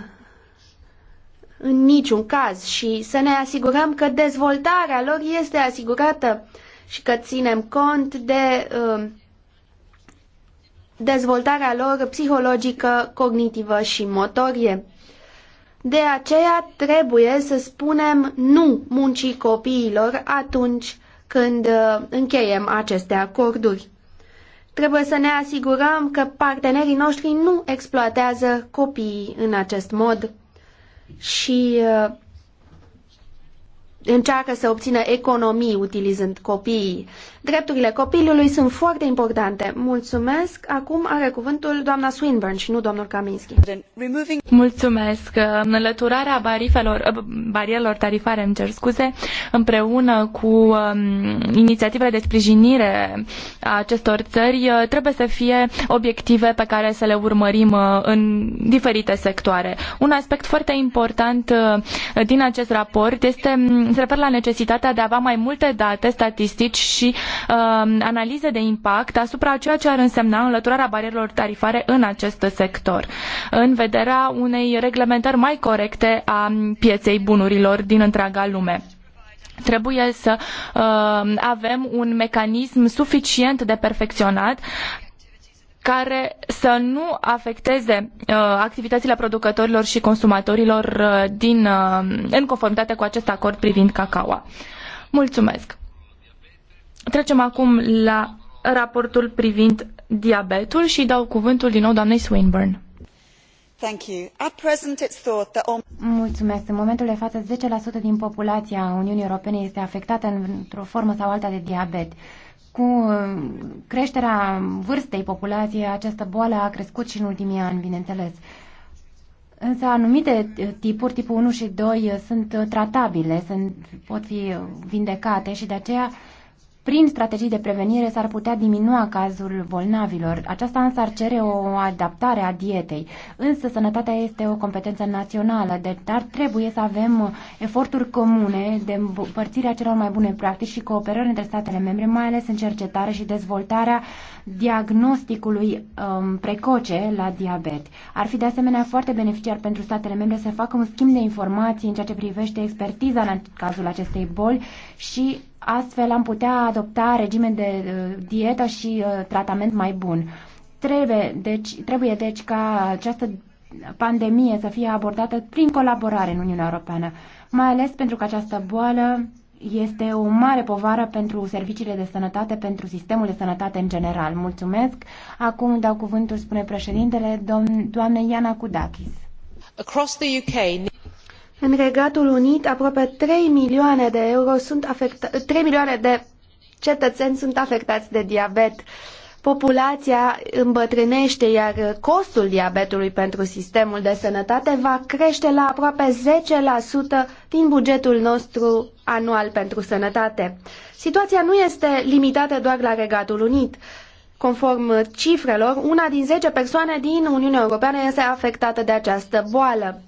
în niciun caz și să ne asigurăm că dezvoltarea lor este asigurată și că ținem cont de uh, dezvoltarea lor psihologică, cognitivă și motorie. De aceea trebuie să spunem nu muncii copiilor atunci când uh, încheiem aceste acorduri. Trebuie să ne asigurăm că partenerii noștri nu exploatează copiii în acest mod și uh, încearcă să obțină economii utilizând copiii. Drepturile copilului sunt foarte importante. Mulțumesc. Acum are cuvântul doamna Swinburne și nu domnul Kaminski. Mulțumesc. Înlăturarea barifelor, barierelor tarifare, îmi cer scuze, împreună cu um, inițiativele de sprijinire a acestor țări uh, trebuie să fie obiective pe care să le urmărim uh, în diferite sectoare. Un aspect foarte important uh, din acest raport este um, se referă la necesitatea de a avea mai multe date, statistici și uh, analize de impact asupra ceea ce ar însemna înlăturarea barierelor tarifare în acest sector, în vederea unei reglementări mai corecte a pieței bunurilor din întreaga lume trebuie să uh, avem un mecanism suficient de perfecționat care să nu afecteze uh, activitățile producătorilor și consumatorilor uh, din, uh, în conformitate cu acest acord privind cacaoa. Mulțumesc! Trecem acum la raportul privind diabetul și dau cuvântul din nou doamnei Swinburne. Mulțumesc. În momentul de față, 10% din populația Uniunii Europene este afectată într-o formă sau alta de diabet. Cu uh, creșterea vârstei populației, această boală a crescut și în ultimii ani, bineînțeles. Însă anumite uh, tipuri, tipul 1 și 2, uh, sunt tratabile, sunt, pot fi vindecate și de aceea uh, prin strategii de prevenire s-ar putea diminua cazul bolnavilor. Aceasta însă ar cere o adaptare a dietei. Însă sănătatea este o competență națională, Dar trebuie să avem eforturi comune de împărțirea celor mai bune practici și cooperări între statele membre, mai ales în cercetare și dezvoltarea diagnosticului um, precoce la diabet. Ar fi de asemenea foarte beneficiar pentru statele membre să facă un schimb de informații în ceea ce privește expertiza în cazul acestei boli și Astfel am putea adopta regime de uh, dietă și uh, tratament mai bun. Trebuie deci, trebuie, deci ca această pandemie să fie abordată prin colaborare în Uniunea Europeană, mai ales pentru că această boală este o mare povară pentru serviciile de sănătate, pentru sistemul de sănătate în general. Mulțumesc. Acum dau cuvântul, spune președintele, domn, doamne Iana Kudakis. Across the UK... În Regatul Unit, aproape 3 milioane de euro sunt afecta- 3 milioane de cetățeni sunt afectați de diabet. Populația îmbătrânește, iar costul diabetului pentru sistemul de sănătate va crește la aproape 10% din bugetul nostru anual pentru sănătate. Situația nu este limitată doar la Regatul Unit. Conform cifrelor, una din zece persoane din Uniunea Europeană este afectată de această boală.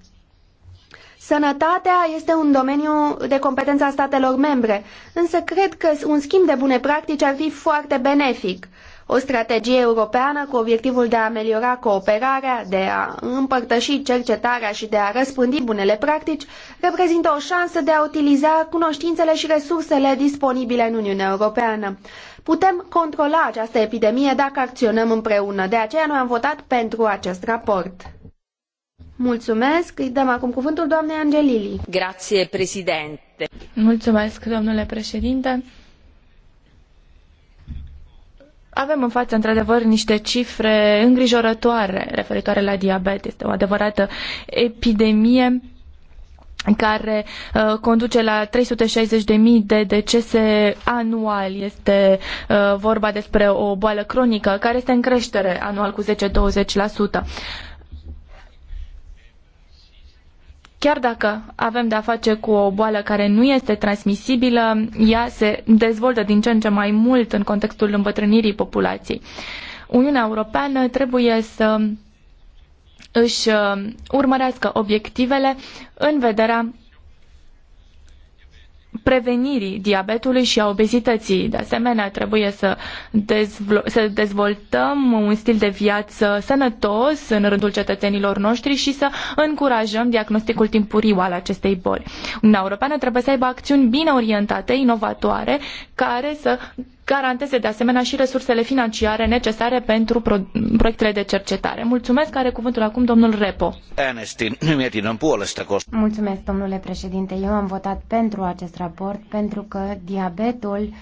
Sănătatea este un domeniu de competența a statelor membre, însă cred că un schimb de bune practici ar fi foarte benefic. O strategie europeană cu obiectivul de a ameliora cooperarea, de a împărtăși cercetarea și de a răspândi bunele practici reprezintă o șansă de a utiliza cunoștințele și resursele disponibile în Uniunea Europeană. Putem controla această epidemie dacă acționăm împreună. De aceea noi am votat pentru acest raport. Mulțumesc. Îi dăm acum cuvântul doamnei Angelili. Grație, președinte. Mulțumesc, domnule președinte. Avem în față, într-adevăr, niște cifre îngrijorătoare referitoare la diabet. Este o adevărată epidemie care uh, conduce la 360.000 de decese anual. Este uh, vorba despre o boală cronică care este în creștere anual cu 10-20%. Chiar dacă avem de-a face cu o boală care nu este transmisibilă, ea se dezvoltă din ce în ce mai mult în contextul îmbătrânirii populației. Uniunea Europeană trebuie să își uh, urmărească obiectivele în vederea prevenirii diabetului și a obezității. De asemenea, trebuie să, să dezvoltăm un stil de viață sănătos în rândul cetățenilor noștri și să încurajăm diagnosticul timpuriu al acestei boli. Uniunea Europeană trebuie să aibă acțiuni bine orientate, inovatoare, care să garanteze de asemenea și resursele financiare necesare pentru pro proiectele de cercetare. Mulțumesc, are cuvântul acum domnul Repo. Mulțumesc, domnule președinte. Eu am votat pentru acest raport pentru că diabetul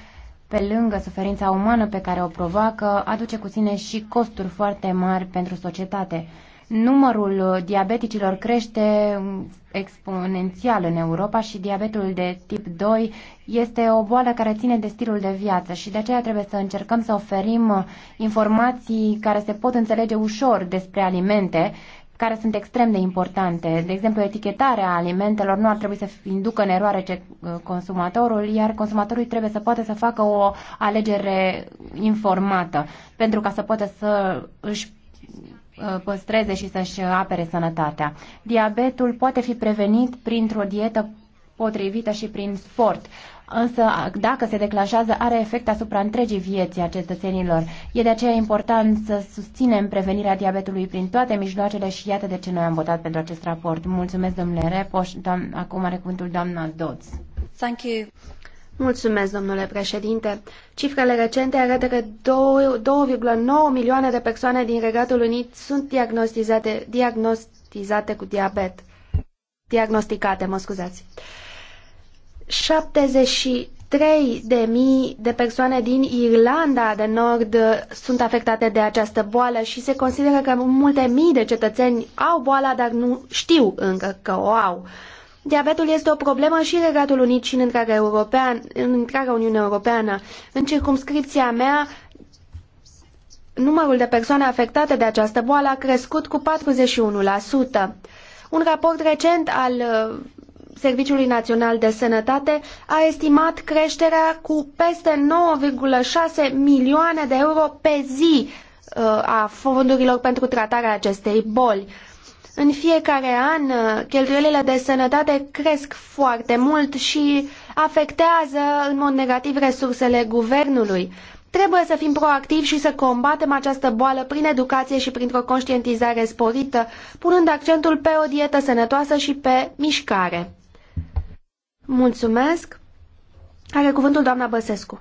pe lângă suferința umană pe care o provoacă, aduce cu sine și costuri foarte mari pentru societate. Numărul diabeticilor crește exponențial în Europa și diabetul de tip 2 este o boală care ține de stilul de viață și de aceea trebuie să încercăm să oferim informații care se pot înțelege ușor despre alimente care sunt extrem de importante. De exemplu, etichetarea alimentelor nu ar trebui să inducă în eroare ce uh, consumatorul, iar consumatorul trebuie să poată să facă o alegere informată pentru ca să poată să își Uh, păstreze și să-și apere sănătatea. Diabetul poate fi prevenit printr-o dietă potrivită și prin sport. Însă, dacă se declanșează, are efect asupra întregii vieții a cetățenilor. E de aceea important să susținem prevenirea diabetului prin toate mijloacele și iată de ce noi am votat pentru acest raport. Mulțumesc, domnule Repoș. Acum are cuvântul doamna Dodds. Thank you. Mulțumesc, domnule președinte. Cifrele recente arată că 2,9 milioane de persoane din Regatul Unit sunt diagnostizate, diagnostizate cu diabet. Diagnosticate, mă scuzați. 73 de mii de persoane din Irlanda de Nord sunt afectate de această boală și se consideră că multe mii de cetățeni au boala, dar nu știu încă că o au. Diabetul este o problemă și în Regatul Unit și în întreaga, European, în întreaga Uniune Europeană. În circumscripția mea, numărul de persoane afectate de această boală a crescut cu 41%. Un raport recent al uh, Serviciului Național de Sănătate a estimat creșterea cu peste 9,6 milioane de euro pe zi uh, a fondurilor pentru tratarea acestei boli. În fiecare an, uh, cheltuielile de sănătate cresc foarte mult și afectează în mod negativ resursele guvernului. Trebuie să fim proactivi și să combatem această boală prin educație și printr-o conștientizare sporită, punând accentul pe o dietă sănătoasă și pe mișcare. Mulțumesc! Are cuvântul doamna Băsescu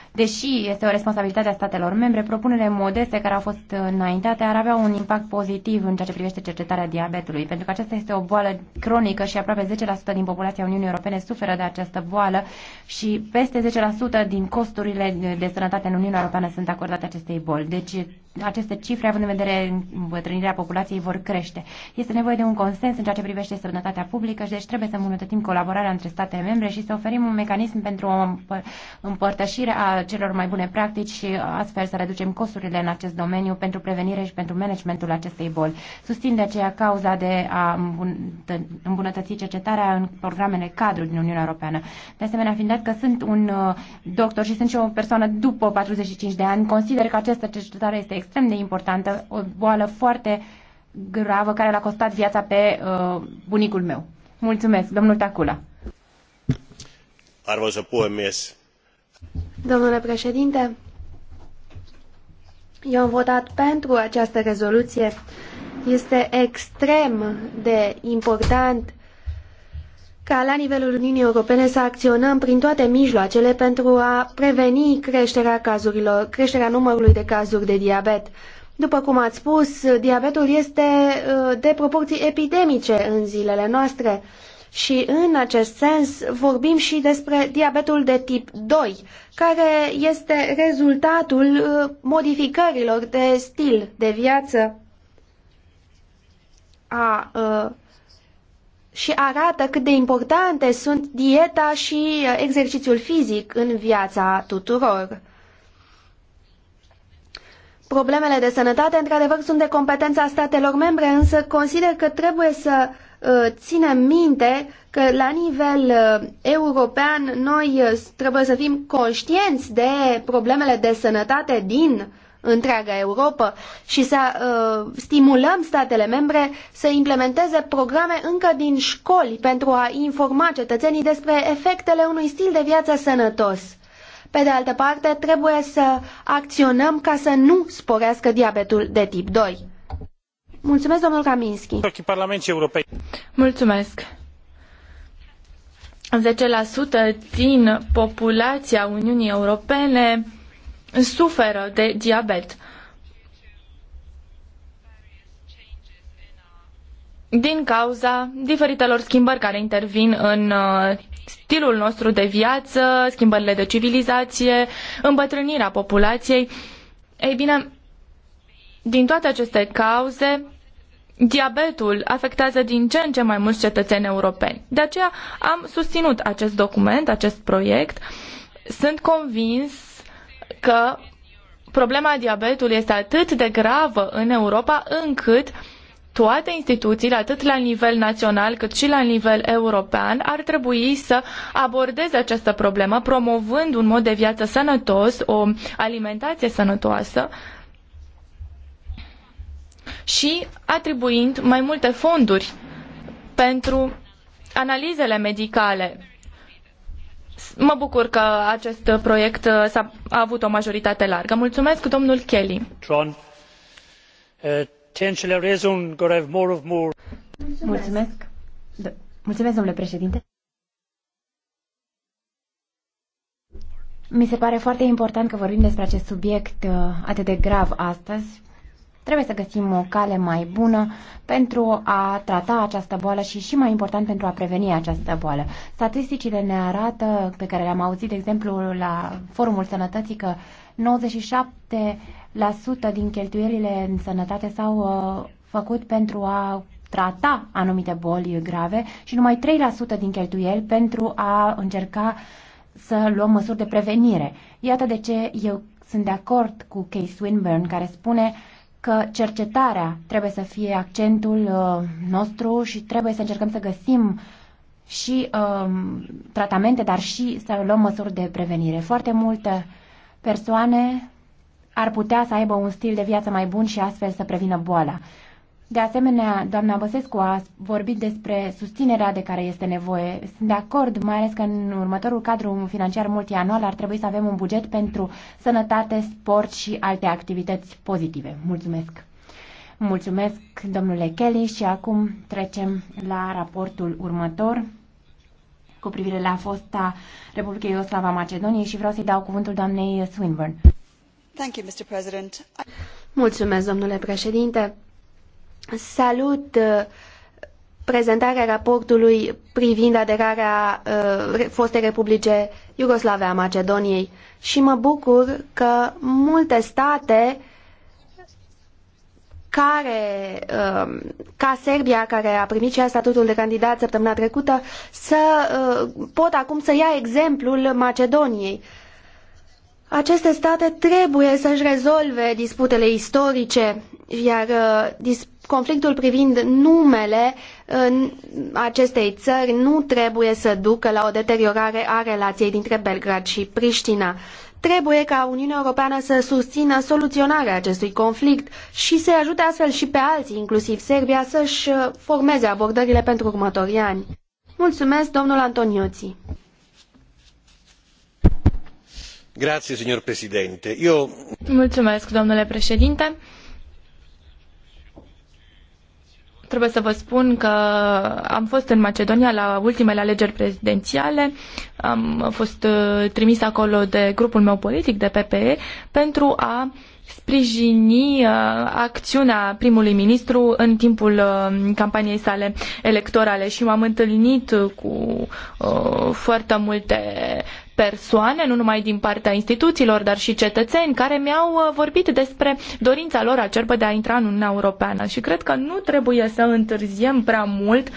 Deși este o responsabilitate a statelor membre, propunerile modeste care au fost înaintate ar avea un impact pozitiv în ceea ce privește cercetarea diabetului, pentru că aceasta este o boală cronică și aproape 10% din populația Uniunii Europene suferă de această boală și peste 10% din costurile de sănătate în Uniunea Europeană sunt acordate acestei boli. Deci aceste cifre, având în vedere îmbătrânirea populației, vor crește. Este nevoie de un consens în ceea ce privește sănătatea publică și deci trebuie să îmbunătățim colaborarea între statele membre și să oferim un mecanism pentru o împărtășire a celor mai bune practici și astfel să reducem costurile în acest domeniu pentru prevenire și pentru managementul acestei boli. Susțin de aceea cauza de a îmbunătăți cercetarea în programele cadru din Uniunea Europeană. De asemenea, fiind dat că sunt un uh, doctor și sunt și o persoană după 45 de ani, consider că această cercetare este extrem de importantă, o boală foarte gravă care l-a costat viața pe uh, bunicul meu. Mulțumesc, domnul Tacula. Arvoisa puhemies. Domnule președinte, eu am votat pentru această rezoluție. Este extrem de important ca la nivelul Uniunii Europene să acționăm prin toate mijloacele pentru a preveni creșterea, cazurilor, creșterea numărului de cazuri de diabet. După cum ați spus, diabetul este uh, de proporții epidemice în zilele noastre și în acest sens vorbim și despre diabetul de tip 2, care este rezultatul uh, modificărilor de stil de viață a uh, și arată cât de importante sunt dieta și uh, exercițiul fizic în viața tuturor. Problemele de sănătate, într-adevăr, sunt de competența statelor membre, însă consider că trebuie să uh, ținem minte că la nivel uh, european noi trebuie să fim conștienți de problemele de sănătate din întreaga Europa și să uh, stimulăm statele membre să implementeze programe încă din școli pentru a informa cetățenii despre efectele unui stil de viață sănătos. Pe de altă parte, trebuie să acționăm ca să nu sporească diabetul de tip 2. Mulțumesc, domnul Kaminski. Mulțumesc. 10% din populația Uniunii Europene suferă de diabet. Din cauza diferitelor schimbări care intervin în uh, stilul nostru de viață, schimbările de civilizație, îmbătrânirea populației. Ei bine, din toate aceste cauze, diabetul afectează din ce în ce mai mulți cetățeni europeni. De aceea am susținut acest document, acest proiect. Sunt convins că problema diabetului este atât de gravă în Europa încât toate instituțiile, atât la nivel național cât și la nivel european, ar trebui să abordeze această problemă, promovând un mod de viață sănătos, o alimentație sănătoasă și atribuind mai multe fonduri pentru analizele medicale Mă bucur că acest proiect uh, a avut o majoritate largă. Mulțumesc, domnul Kelly. Uh, mulțumesc. Mulțumesc, domnule președinte. Mi se pare foarte important că vorbim despre acest subiect uh, atât de grav astăzi, Trebuie să găsim o cale mai bună pentru a trata această boală și, și mai important, pentru a preveni această boală. Statisticile ne arată, pe care le-am auzit, de exemplu, la Forumul Sănătății, că 97% din cheltuielile în sănătate s-au uh, făcut pentru a trata anumite boli grave și numai 3% din cheltuieli pentru a încerca să luăm măsuri de prevenire. Iată de ce eu sunt de acord cu Case Winburn care spune uh, că cercetarea trebuie să fie accentul uh, nostru și trebuie să încercăm să găsim și um, tratamente, dar și să luăm măsuri de prevenire. Foarte multe persoane ar putea să aibă un stil de viață mai bun și astfel să prevină boala. De asemenea, doamna Băsescu a vorbit despre susținerea de care este nevoie. Sunt de acord, mai ales că în următorul cadru financiar multianual ar trebui să avem un buget pentru sănătate, sport și alte activități pozitive. Mulțumesc! Mulțumesc, domnule Kelly, și acum trecem la raportul următor cu privire la fosta Republica Iugoslava Macedoniei și vreau să-i dau cuvântul doamnei Swinburne. Thank you, Mr. President. Mulțumesc, domnule președinte. Salut uh, prezentarea raportului privind aderarea uh, fostei Republice Iugoslave a Macedoniei și mă bucur că multe state care, uh, ca Serbia, care a primit și ea statutul de candidat săptămâna trecută, să pot acum să ia exemplul Macedoniei. Aceste state trebuie să-și rezolve disputele istorice, iar conflictul privind numele acestei țări nu trebuie să ducă la o deteriorare a relației dintre Belgrad și Priștina. Trebuie ca Uniunea Europeană să susțină soluționarea acestui conflict și să-i ajute astfel și pe alții, inclusiv Serbia, să-și uh, formeze abordările pentru următorii ani. Mulțumesc, domnul Antonioții. Grazie, signor Presidente. Eu... Mulțumesc, domnule președinte. Trebuie să vă spun că am fost în Macedonia la ultimele alegeri prezidențiale, am fost uh, trimis acolo de grupul meu politic, de PPE, pentru a sprijini uh, acțiunea primului ministru în timpul uh, campaniei sale electorale și m-am întâlnit cu foarte multe persoane, nu numai din partea instituțiilor, dar și cetățeni care mi-au uh, vorbit despre dorința lor acerbă de a intra în Uniunea Europeană. Și cred că nu trebuie să întârziem prea mult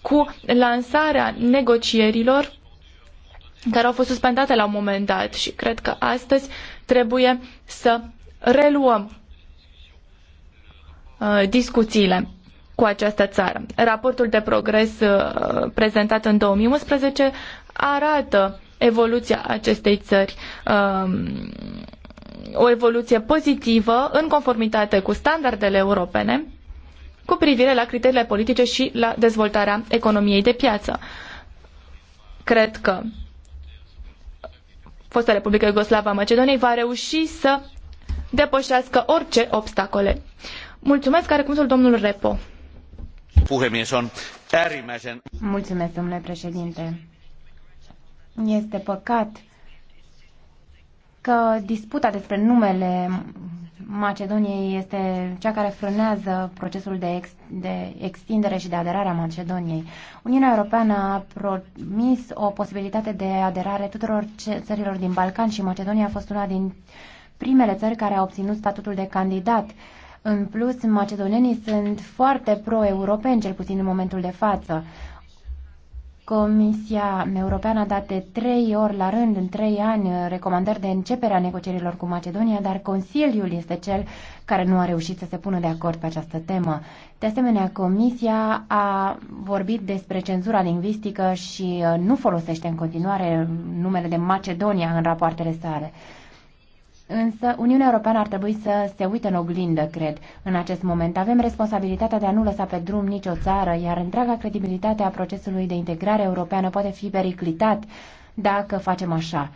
cu lansarea negocierilor care au fost suspendate la un moment dat și cred că astăzi trebuie să reluăm uh, discuțiile cu această țară. Raportul de progres uh, prezentat în 2011 arată evoluția acestei țări um, o evoluție pozitivă în conformitate cu standardele europene cu privire la criteriile politice și la dezvoltarea economiei de piață. Cred că fosta Republică a Macedoniei va reuși să depășească orice obstacole. Mulțumesc, are cuvântul domnul Repo. Mulțumesc, domnule președinte. Este păcat că disputa despre numele Macedoniei este cea care frânează procesul de, ex, de extindere și de aderare a Macedoniei. Uniunea Europeană a promis o posibilitate de aderare tuturor țărilor din Balcan și Macedonia a fost una din primele țări care a obținut statutul de candidat. În plus, macedonenii sunt foarte pro-europeni, cel puțin în momentul de față. Comisia Europeană a dat de trei ori la rând, în trei ani, recomandări de începere a negocierilor cu Macedonia, dar Consiliul este cel care nu a reușit să se pună de acord pe această temă. De asemenea, Comisia a vorbit despre cenzura lingvistică și uh, nu folosește în continuare numele de Macedonia în rapoartele sale. Însă Uniunea Europeană ar trebui să se uite în oglindă, cred. În acest moment avem responsabilitatea de a nu lăsa pe drum nicio țară, iar întreaga credibilitate a procesului de integrare europeană poate fi periclitat dacă facem așa.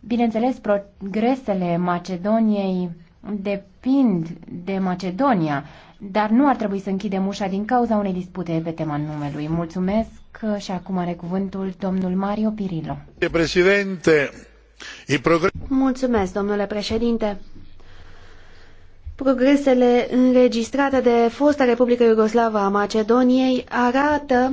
Bineînțeles, progresele Macedoniei depind de Macedonia, dar nu ar trebui să închidem ușa din cauza unei dispute pe tema numelui. Mulțumesc și acum are cuvântul domnul Mario Pirilo. Președinte, Mulțumesc, domnule președinte. Progresele înregistrate de fosta Republică Iugoslavă a Macedoniei arată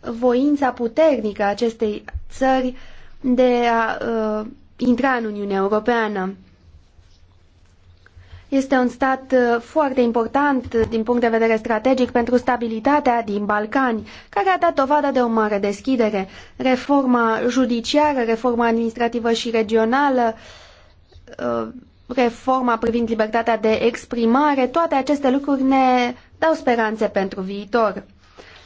voința puternică a acestei țări de a uh, intra în Uniunea Europeană. Este un stat uh, foarte important uh, din punct de vedere strategic pentru stabilitatea din Balcani, care a dat dovadă de o mare deschidere. Reforma judiciară, reforma administrativă și regională, uh, reforma privind libertatea de exprimare, toate aceste lucruri ne dau speranțe pentru viitor.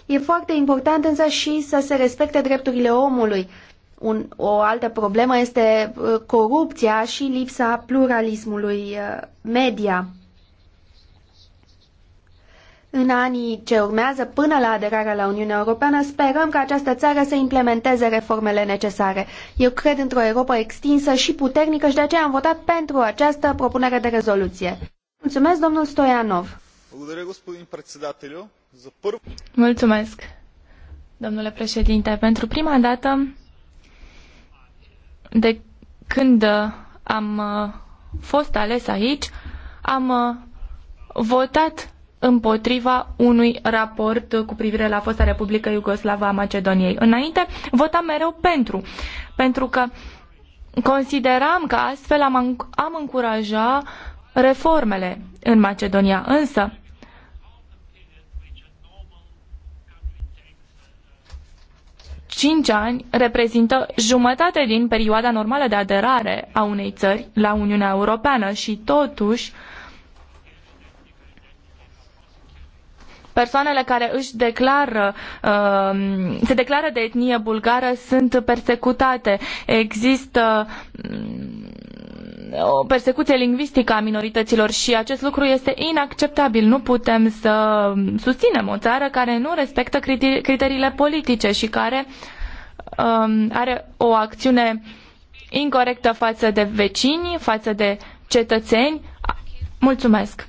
E foarte important însă și să se respecte drepturile omului, un, o altă problemă este uh, corupția și lipsa pluralismului uh, media. În anii ce urmează, până la aderarea la Uniunea Europeană, sperăm ca această țară să implementeze reformele necesare. Eu cred într-o Europa extinsă și puternică și de aceea am votat pentru această propunere de rezoluție. Mulțumesc, domnul Stoianov. Mulțumesc, domnule președinte. Pentru prima dată de când uh, am uh, fost ales aici, am uh, votat împotriva unui raport cu privire la fosta Republică Iugoslavă a Macedoniei. Înainte votam mereu pentru, pentru că consideram că astfel am, am încuraja reformele în Macedonia. Însă, 5 ani reprezintă jumătate din perioada normală de aderare a unei țări la Uniunea Europeană și totuși persoanele care își declară, um, se declară de etnie bulgară sunt persecutate. Există o persecuție lingvistică a minorităților și acest lucru este inacceptabil. Nu putem să susținem o țară care nu respectă criteriile politice și care um, are o acțiune incorrectă față de vecini, față de cetățeni. Mulțumesc!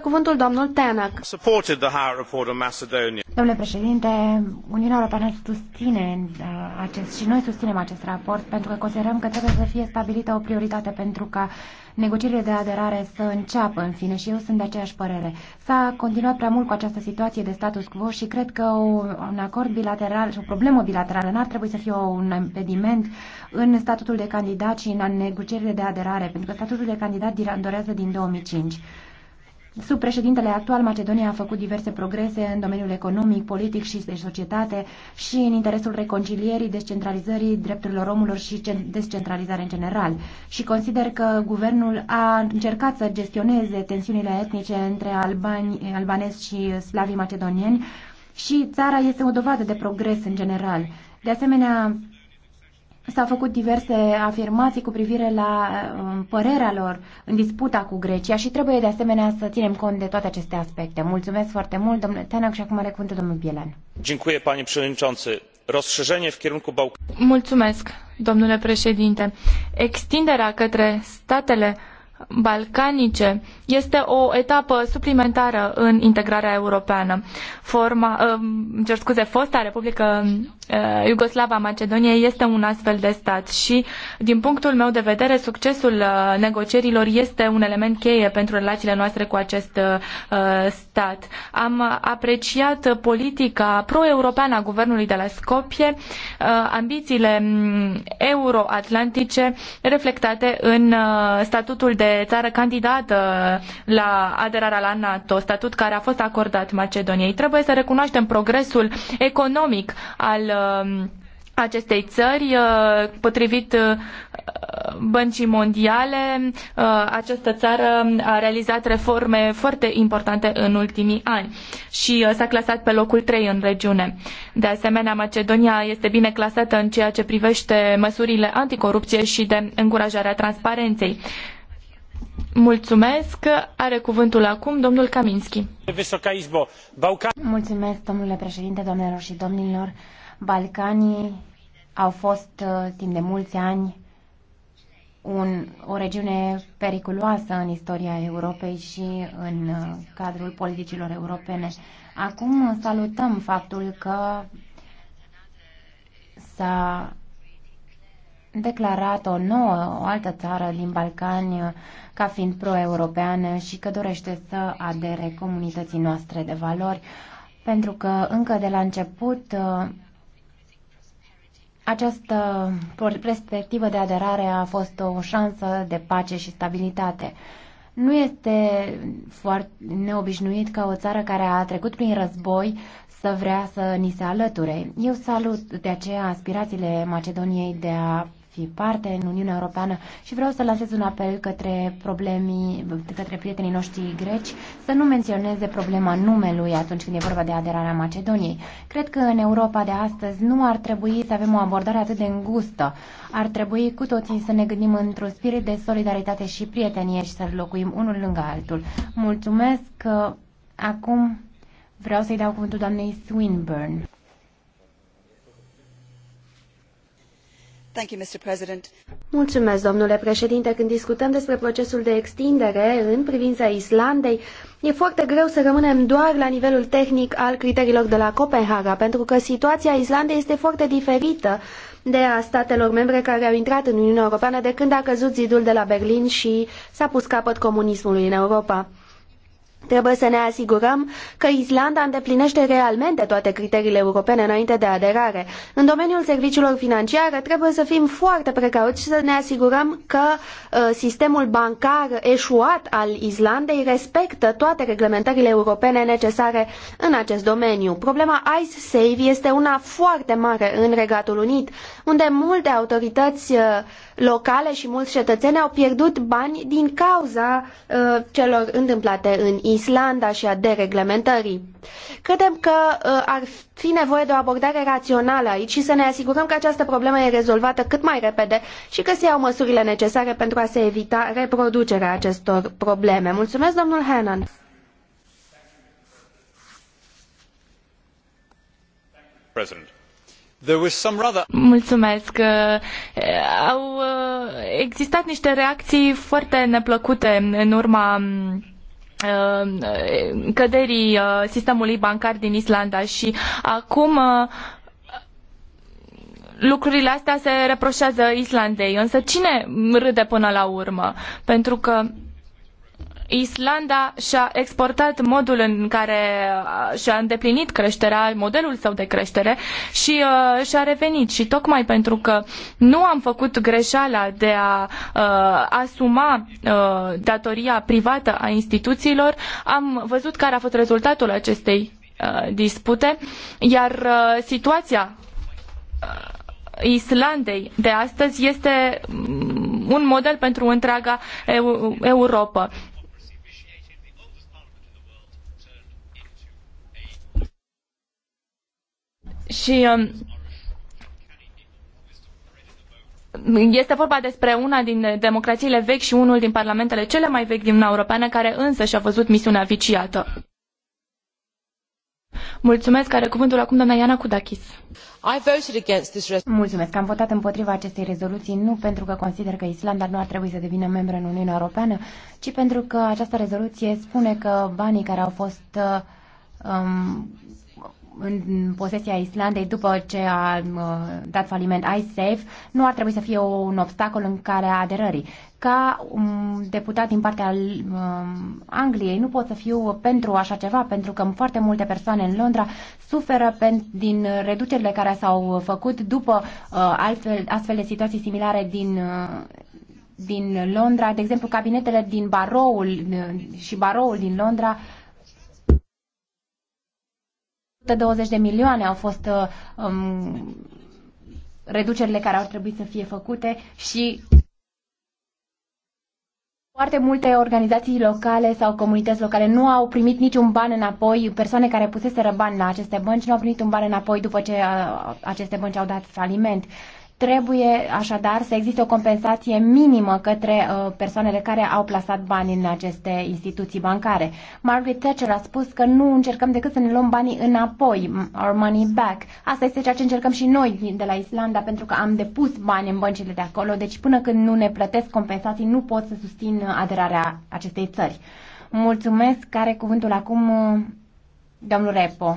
cuvântul Domnule președinte, Uniunea Europeană susține uh, acest și noi susținem acest raport pentru că considerăm că trebuie să fie stabilită o prioritate pentru ca negocierile de aderare să înceapă în fine și eu sunt de aceeași părere. S-a continuat prea mult cu această situație de status quo și cred că un acord bilateral și o problemă bilaterală n-ar trebui să fie un impediment în statutul de candidat și în negocierile de aderare, pentru că statutul de candidat durează din 2005. Sub președintele actual, Macedonia a făcut diverse progrese în domeniul economic, politic și de societate și în interesul reconcilierii, descentralizării drepturilor omului și descentralizare în general. Și consider că guvernul a încercat să gestioneze tensiunile etnice între albani, albanezi și slavii macedonieni și țara este o dovadă de progres în general. De asemenea, S-au făcut diverse afirmații cu privire la um, părerea lor în disputa cu Grecia și trebuie de asemenea să ținem cont de toate aceste aspecte. Mulțumesc foarte mult, domnule Tenac, și acum are cuvântul domnul Bielan. Mulțumesc, domnule președinte. Extinderea către statele balcanice este o etapă suplimentară în integrarea europeană. Forma, ă, cer scuze, fosta Republică Eh, Iugoslava Macedoniei este un astfel de stat și, din punctul meu de vedere, succesul eh, negocierilor este un element cheie pentru relațiile noastre cu acest eh, stat. Am apreciat politica pro-europeană a guvernului de la Skopje, ambițiile mm, euroatlantice reflectate în statutul de țară candidată la aderarea la NATO, statut care a fost acordat Macedoniei. Trebuie să recunoaștem progresul economic al Um, acestei țări. Uh, potrivit uh, Băncii Mondiale, uh, această țară a realizat reforme foarte importante în ultimii ani și s-a clasat pe locul trei în regiune. De asemenea, Macedonia este bine clasată în ceea ce privește măsurile anticorupție și de încurajarea transparenței. Mulțumesc. Are cuvântul acum domnul Kaminski. Mulțumesc, domnule președinte, domnilor și domnilor. Balcanii au fost uh, timp de mulți ani un, o regiune periculoasă în istoria Europei și în uh, cadrul politicilor europene. Acum salutăm faptul că s-a declarat o nouă, o altă țară din Balcani uh, ca fiind pro-europeană și că dorește să adere comunității noastre de valori, pentru că încă de la început această perspectivă de aderare a fost o șansă de pace și stabilitate. Nu este foarte neobișnuit ca o țară care a trecut prin război să vrea să ni se alăture. Eu salut de aceea aspirațiile Macedoniei de a fi parte în Uniunea Europeană și vreau să lansez un apel către, problemii, către prietenii noștri greci să nu menționeze problema numelui atunci când e vorba de aderarea Macedoniei. Cred că în Europa de astăzi nu ar trebui să avem o abordare atât de îngustă. Ar trebui cu toții să ne gândim într-un spirit de solidaritate și prietenie și să locuim unul lângă altul. Mulțumesc că acum vreau să-i dau cuvântul doamnei Swinburne. Mulțumesc, domnule președinte. Când discutăm despre procesul de extindere în privința Islandei, e foarte greu să rămânem doar la nivelul tehnic al criteriilor de la Copenhaga, pentru că situația Islandei este foarte diferită de a statelor membre care au intrat în Uniunea Europeană de când a căzut zidul de la Berlin și s-a pus capăt comunismului în Europa. Trebuie să ne asigurăm că Islanda îndeplinește realmente toate criteriile europene înainte de aderare. În domeniul serviciilor financiare trebuie să fim foarte precauți și să ne asigurăm că uh, sistemul bancar eșuat al Islandei respectă toate reglementările europene necesare în acest domeniu. Problema Ice Save este una foarte mare în Regatul Unit, unde multe autorități uh, locale și mulți cetățeni au pierdut bani din cauza uh, celor întâmplate în Islanda și a dereglementării. Credem că uh, ar fi nevoie de o abordare rațională aici și să ne asigurăm că această problemă e rezolvată cât mai repede și că se iau măsurile necesare pentru a se evita reproducerea acestor probleme. Mulțumesc, domnul Hannan. Mulțumesc. Uh, au existat niște reacții foarte neplăcute în urma mm, uh, căderii uh, sistemului bancar din Islanda și acum uh, lucrurile astea se reproșează Islandei. Însă cine râde până la urmă? Pentru că Islanda și-a exportat modul în care uh, și-a îndeplinit creșterea, modelul său de creștere și uh, și-a revenit. Și tocmai pentru că nu am făcut greșeala de a uh, asuma uh, datoria privată a instituțiilor, am văzut care a fost rezultatul acestei uh, dispute, iar uh, situația uh, Islandei de astăzi este mm, un model pentru întreaga Europa. Și um, este vorba despre una din democrațiile vechi și unul din parlamentele cele mai vechi din Uniunea Europeană, care însă și-a văzut misiunea viciată. Mulțumesc, are cuvântul acum doamna Iana Kudakis. I voted against this Mulțumesc, am votat împotriva acestei rezoluții nu pentru că consider că Islanda nu ar trebui să devină membră în Uniunea Europeană, ci pentru că această rezoluție spune că banii care au fost uh, um, în posesia Islandei după ce a uh, dat faliment iSafe nu ar trebui să fie un obstacol în care a aderării. Ca un deputat din partea uh, Angliei nu pot să fiu pentru așa ceva, pentru că foarte multe persoane în Londra suferă din reducerile care s-au făcut după uh, altfel, astfel de situații similare din din Londra, de exemplu, cabinetele din baroul și baroul din Londra uh, 120 de milioane au fost uh, um, reducerile care ar trebui să fie făcute și foarte multe organizații locale sau comunități locale nu au primit niciun ban înapoi, persoane care puseseră bani la aceste bănci nu au primit un ban înapoi după ce uh, aceste bănci au dat faliment. Trebuie așadar să existe o compensație minimă către uh, persoanele care au plasat bani în aceste instituții bancare. Margaret Thatcher a spus că nu încercăm decât să ne luăm banii înapoi, our money back. Asta este ceea ce încercăm și noi de la Islanda pentru că am depus bani în băncile de acolo, deci până când nu ne plătesc compensații nu pot să susțin aderarea acestei țări. Mulțumesc. Care cuvântul acum uh, domnul Repo?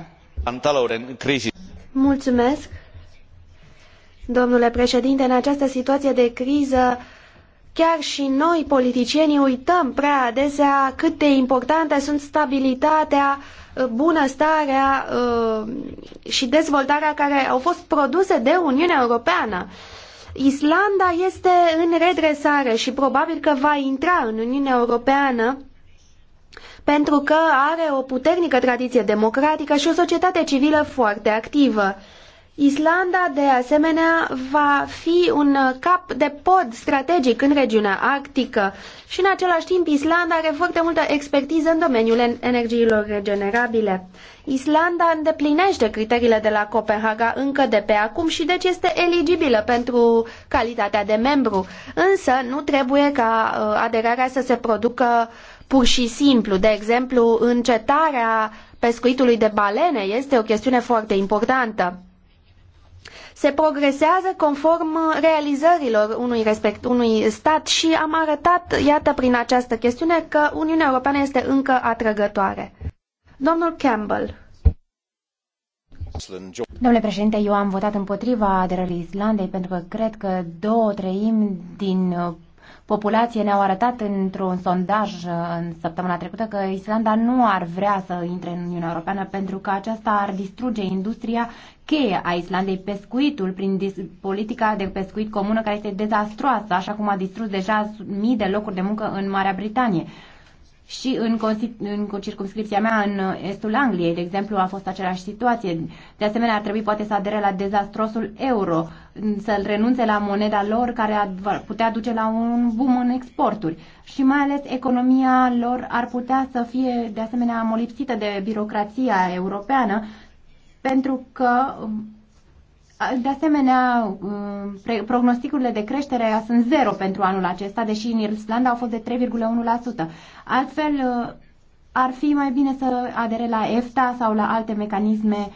Mulțumesc. Domnule președinte, în această situație de criză, chiar și noi, politicienii, uităm prea adesea cât de importante sunt stabilitatea, bunăstarea uh, și dezvoltarea care au fost produse de Uniunea Europeană. Islanda este în redresare și probabil că va intra în Uniunea Europeană pentru că are o puternică tradiție democratică și o societate civilă foarte activă. Islanda, de asemenea, va fi un uh, cap de pod strategic în regiunea arctică și, în același timp, Islanda are foarte multă expertiză în domeniul energiilor regenerabile. Islanda îndeplinește criteriile de la Copenhaga încă de pe acum și deci este eligibilă pentru calitatea de membru, însă nu trebuie ca uh, aderarea să se producă pur și simplu. De exemplu, încetarea pescuitului de balene este o chestiune foarte importantă se progresează conform uh, realizărilor unui, respect, unui stat și am arătat, iată, prin această chestiune că Uniunea Europeană este încă atrăgătoare. Domnul Campbell. Domnule președinte, eu am votat împotriva aderării Islandei pentru că cred că două treimi din uh, populație ne-au arătat într-un sondaj uh, în săptămâna trecută că Islanda nu ar vrea să intre în Uniunea Europeană pentru că aceasta ar distruge industria cheie a Islandei, pescuitul, prin politica de pescuit comună care este dezastroasă, așa cum a distrus deja mii de locuri de muncă în Marea Britanie. Și în, în circunscripția mea, în estul Angliei, de exemplu, a fost aceeași situație. De asemenea, ar trebui poate să adere la dezastrosul euro, să-l renunțe la moneda lor care ar putea duce la un boom în exporturi. Și mai ales economia lor ar putea să fie, de asemenea, molipsită de birocrația europeană, pentru că de asemenea, prognosticurile de creștere sunt zero pentru anul acesta, deși în Irlanda au fost de 3,1%. Altfel, ar fi mai bine să adere la EFTA sau la alte mecanisme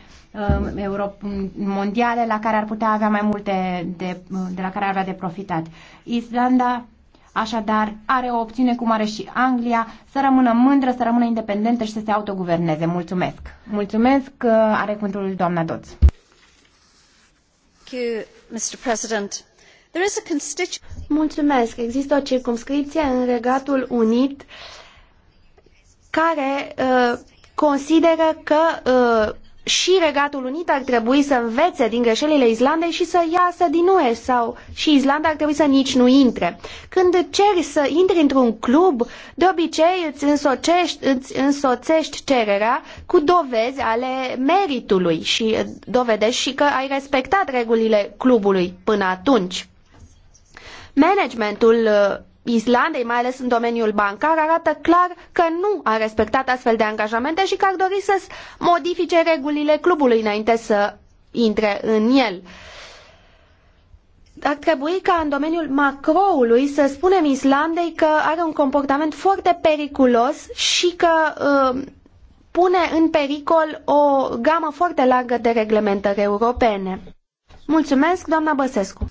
um, mondiale la care ar putea avea mai multe de, de la care ar avea de profitat. Islanda Așadar, are o opțiune cum are și Anglia, să rămână mândră, să rămână independentă și să se autoguverneze. Mulțumesc! Mulțumesc! Uh, are cuvântul doamna Doț. Mr. President. There is a constituency... Mulțumesc. Există o circumscripție în Regatul Unit care uh, consideră că uh, și Regatul Unit ar trebui să învețe din greșelile Islandei și să iasă din UE sau și Islanda ar trebui să nici nu intre. Când ceri să intri într-un club, de obicei îți însocești, îți însoțești cererea cu dovezi ale meritului și dovedești și că ai respectat regulile clubului până atunci. Managementul Islandei, mai ales în domeniul bancar, arată clar că nu a respectat astfel de angajamente și că ar dori să modifice regulile clubului înainte să intre în el. Ar trebui ca în domeniul macroului să spunem Islandei că are un comportament foarte periculos și că uh, pune în pericol o gamă foarte largă de reglementări europene. Mulțumesc, doamna Băsescu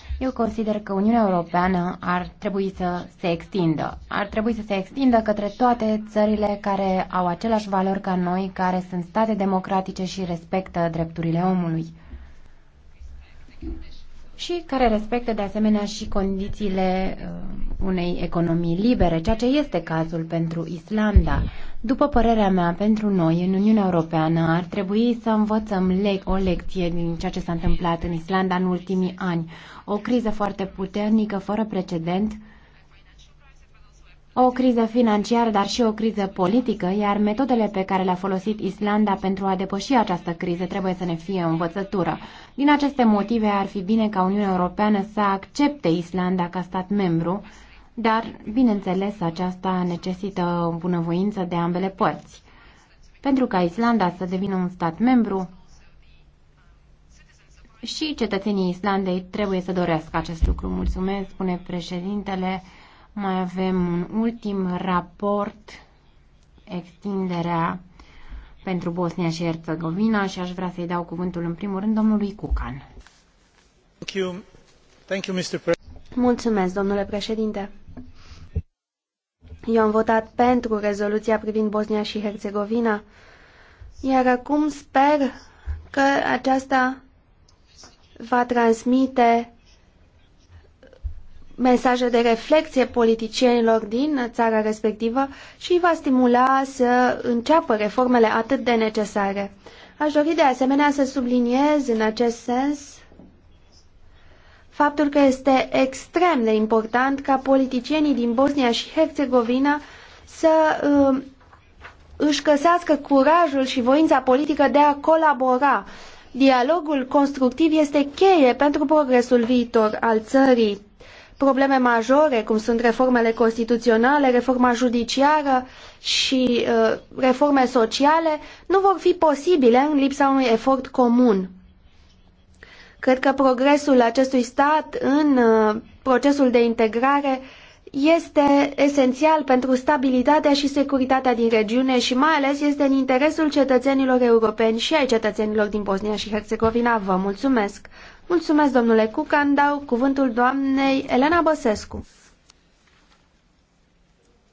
eu consider că Uniunea Europeană ar trebui să se extindă. Ar trebui să se extindă către toate țările care au același valori ca noi, care sunt state democratice și respectă drepturile omului. Și care respectă de asemenea și condițiile uh, unei economii libere, ceea ce este cazul pentru Islanda. După părerea mea, pentru noi, în Uniunea Europeană, ar trebui să învățăm le- o lecție din ceea ce s-a întâmplat în Islanda în ultimii ani. O criză foarte puternică, fără precedent, o criză financiară, dar și o criză politică, iar metodele pe care le-a folosit Islanda pentru a depăși această criză trebuie să ne fie învățătură. Din aceste motive, ar fi bine ca Uniunea Europeană să accepte Islanda ca stat membru dar, bineînțeles, aceasta necesită o bunăvoință de ambele părți. Pentru ca Islanda să devină un stat membru, și cetățenii Islandei trebuie să dorească acest lucru. Mulțumesc, spune președintele. Mai avem un ultim raport, extinderea pentru Bosnia și Herțegovina și aș vrea să-i dau cuvântul în primul rând domnului Cucan. Thank you. Thank you, Mr. Mulțumesc, domnule președinte. Eu am votat pentru rezoluția privind Bosnia și Herțegovina, iar acum sper că aceasta va transmite mesaje de reflexie politicienilor din țara respectivă și va stimula să înceapă reformele atât de necesare. Aș dori de asemenea să subliniez în acest sens faptul că este extrem de important ca politicienii din Bosnia și Herțegovina să uh, își găsească curajul și voința politică de a colabora. Dialogul constructiv este cheie pentru progresul viitor al țării. Probleme majore, cum sunt reformele constituționale, reforma judiciară și uh, reforme sociale, nu vor fi posibile în lipsa unui efort comun. Cred că progresul acestui stat în uh, procesul de integrare este esențial pentru stabilitatea și securitatea din regiune și mai ales este în interesul cetățenilor europeni și ai cetățenilor din Bosnia și Herțegovina. Vă mulțumesc! Mulțumesc, domnule Cucan, dau cuvântul doamnei Elena Băsescu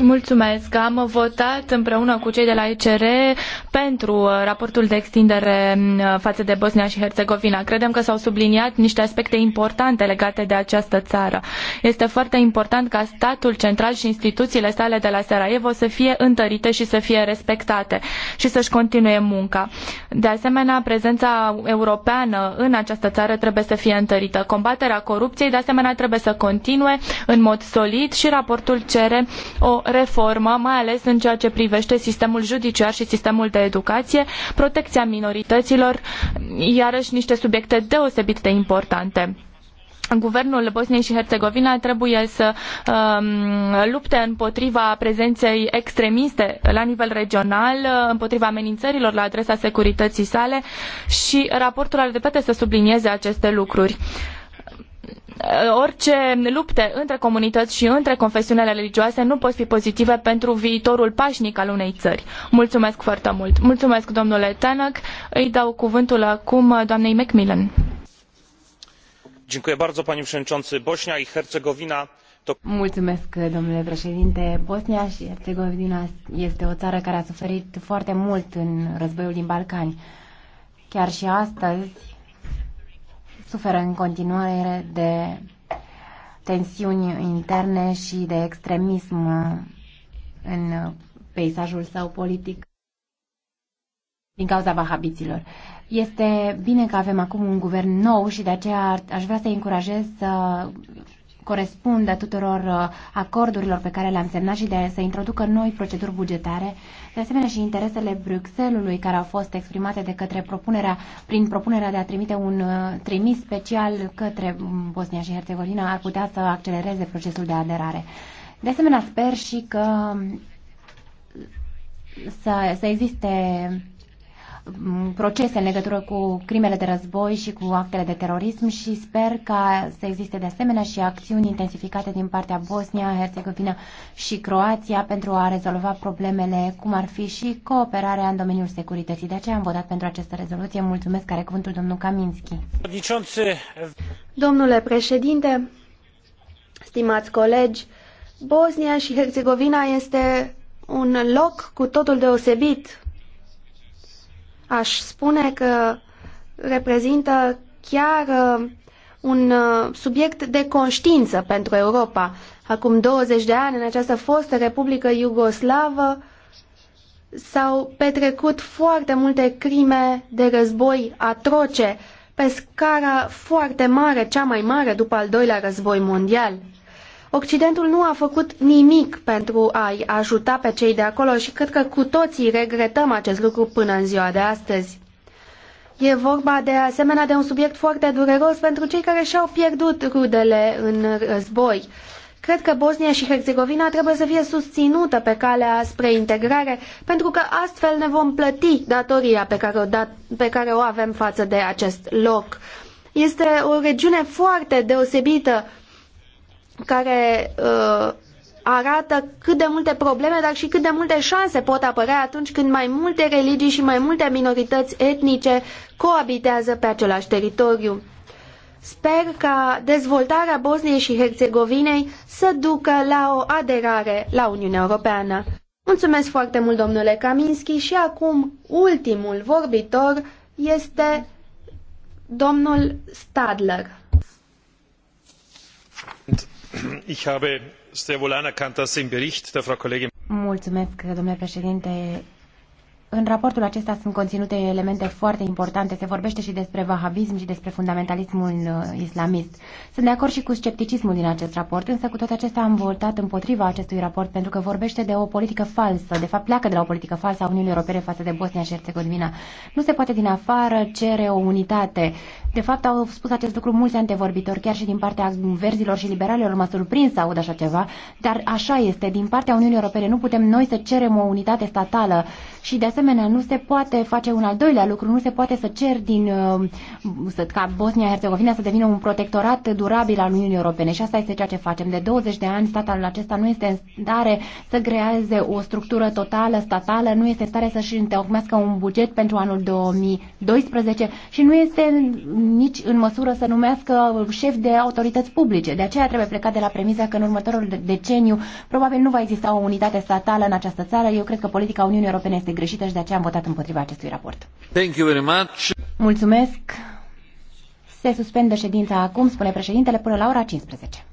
Mulțumesc. Am votat împreună cu cei de la ECR pentru uh, raportul de extindere uh, față de Bosnia și Herțegovina. Credem că s-au subliniat niște aspecte importante legate de această țară. Este foarte important ca statul central și instituțiile sale de la Sarajevo să fie întărite și să fie respectate și să-și continue munca. De asemenea, prezența europeană în această țară trebuie să fie întărită. Combaterea corupției, de asemenea, trebuie să continue în mod solid și raportul cere o reformă, mai ales în ceea ce privește sistemul judiciar și sistemul de educație, protecția minorităților, iarăși niște subiecte deosebit de importante. Guvernul Bosniei și Herțegovina trebuie să um, lupte împotriva prezenței extremiste la nivel regional, împotriva amenințărilor la adresa securității sale și raportul are dreptate să sublinieze aceste lucruri. Uh, Eh, orice lupte între comunități și între confesiunile religioase nu pot fi pozitive pentru viitorul pașnic al unei țări. Mulțumesc foarte mult. Mulțumesc, domnule Tanak. Îi dau cuvântul acum doamnei Macmillan. Dziękuję bardzo, panie przewodniczący. Bośnia i Mulțumesc, domnule președinte. Bosnia și Herțegovina este o țară care a suferit foarte mult în războiul din Balcani. Chiar și astăzi, suferă în continuare de tensiuni interne și de extremism în peisajul său politic din cauza vahabiților. Este bine că avem acum un guvern nou și de aceea aș vrea să încurajez să corespundă tuturor uh, acordurilor pe care le-am semnat și de a se introducă noi proceduri bugetare, de asemenea și interesele Bruxellesului care au fost exprimate de către propunerea, prin propunerea de a trimite un uh, trimis special către Bosnia și Herțegovina ar putea să accelereze procesul de aderare. De asemenea, sper și că să, să existe procese în legătură cu crimele de război și cu actele de terorism și sper ca să existe de asemenea și acțiuni intensificate din partea Bosnia, Herțegovina și Croația pentru a rezolva problemele, cum ar fi și cooperarea în domeniul securității. De aceea am votat pentru această rezoluție. Mulțumesc, care cuvântul domnul Kaminski. Domnule președinte, stimați colegi, Bosnia și Herțegovina este un loc cu totul deosebit aș spune că reprezintă chiar uh, un uh, subiect de conștiință pentru Europa. Acum 20 de ani, în această fostă Republică Iugoslavă, s-au petrecut foarte multe crime de război atroce, pe scara foarte mare, cea mai mare după al doilea război mondial. Occidentul nu a făcut nimic pentru a-i ajuta pe cei de acolo și cred că cu toții regretăm acest lucru până în ziua de astăzi. E vorba de asemenea de un subiect foarte dureros pentru cei care și-au pierdut rudele în război. Cred că Bosnia și Herzegovina trebuie să fie susținută pe calea spre integrare, pentru că astfel ne vom plăti datoria pe care o, dat, pe care o avem față de acest loc. Este o regiune foarte deosebită care uh, arată cât de multe probleme, dar și cât de multe șanse pot apărea atunci când mai multe religii și mai multe minorități etnice coabitează pe același teritoriu. Sper ca dezvoltarea Bosniei și Herțegovinei să ducă la o aderare la Uniunea Europeană. Mulțumesc foarte mult, domnule Kaminski, și acum ultimul vorbitor este domnul Stadler ich habe sehr wohl anerkannt dass im bericht der frau kollegin Mulțumesc, în raportul acesta sunt conținute elemente foarte importante. Se vorbește și despre vahabism și despre fundamentalismul uh, islamist. Sunt de acord și cu scepticismul din acest raport, însă cu toate acestea am votat împotriva acestui raport pentru că vorbește de o politică falsă. De fapt, pleacă de la o politică falsă a Uniunii Europene față de Bosnia și Herțegovina. Nu se poate din afară cere o unitate. De fapt, au spus acest lucru mulți antevorbitori, chiar și din partea verzilor și liberalilor. M-a surprins să aud așa ceva, dar așa este. Din partea Uniunii Europene nu putem noi să cerem o unitate statală și de asemenea asemenea, nu se poate face un al doilea lucru, nu se poate să cer din, uh, să, ca Bosnia-Herzegovina să devină un protectorat durabil al Uniunii Europene și asta este ceea ce facem. De 20 de ani statul acesta nu este în stare să creeze o structură totală statală, nu este în stare să-și întocmească un buget pentru anul 2012 și nu este nici în măsură să numească șef de autorități publice. De aceea trebuie plecat de la premisa că în următorul deceniu probabil nu va exista o unitate statală în această țară. Eu cred că politica Uniunii Europene este greșită și de aceea am votat împotriva acestui raport. Thank you very much. Mulțumesc. Se suspendă ședința acum, spune președintele, până la ora 15.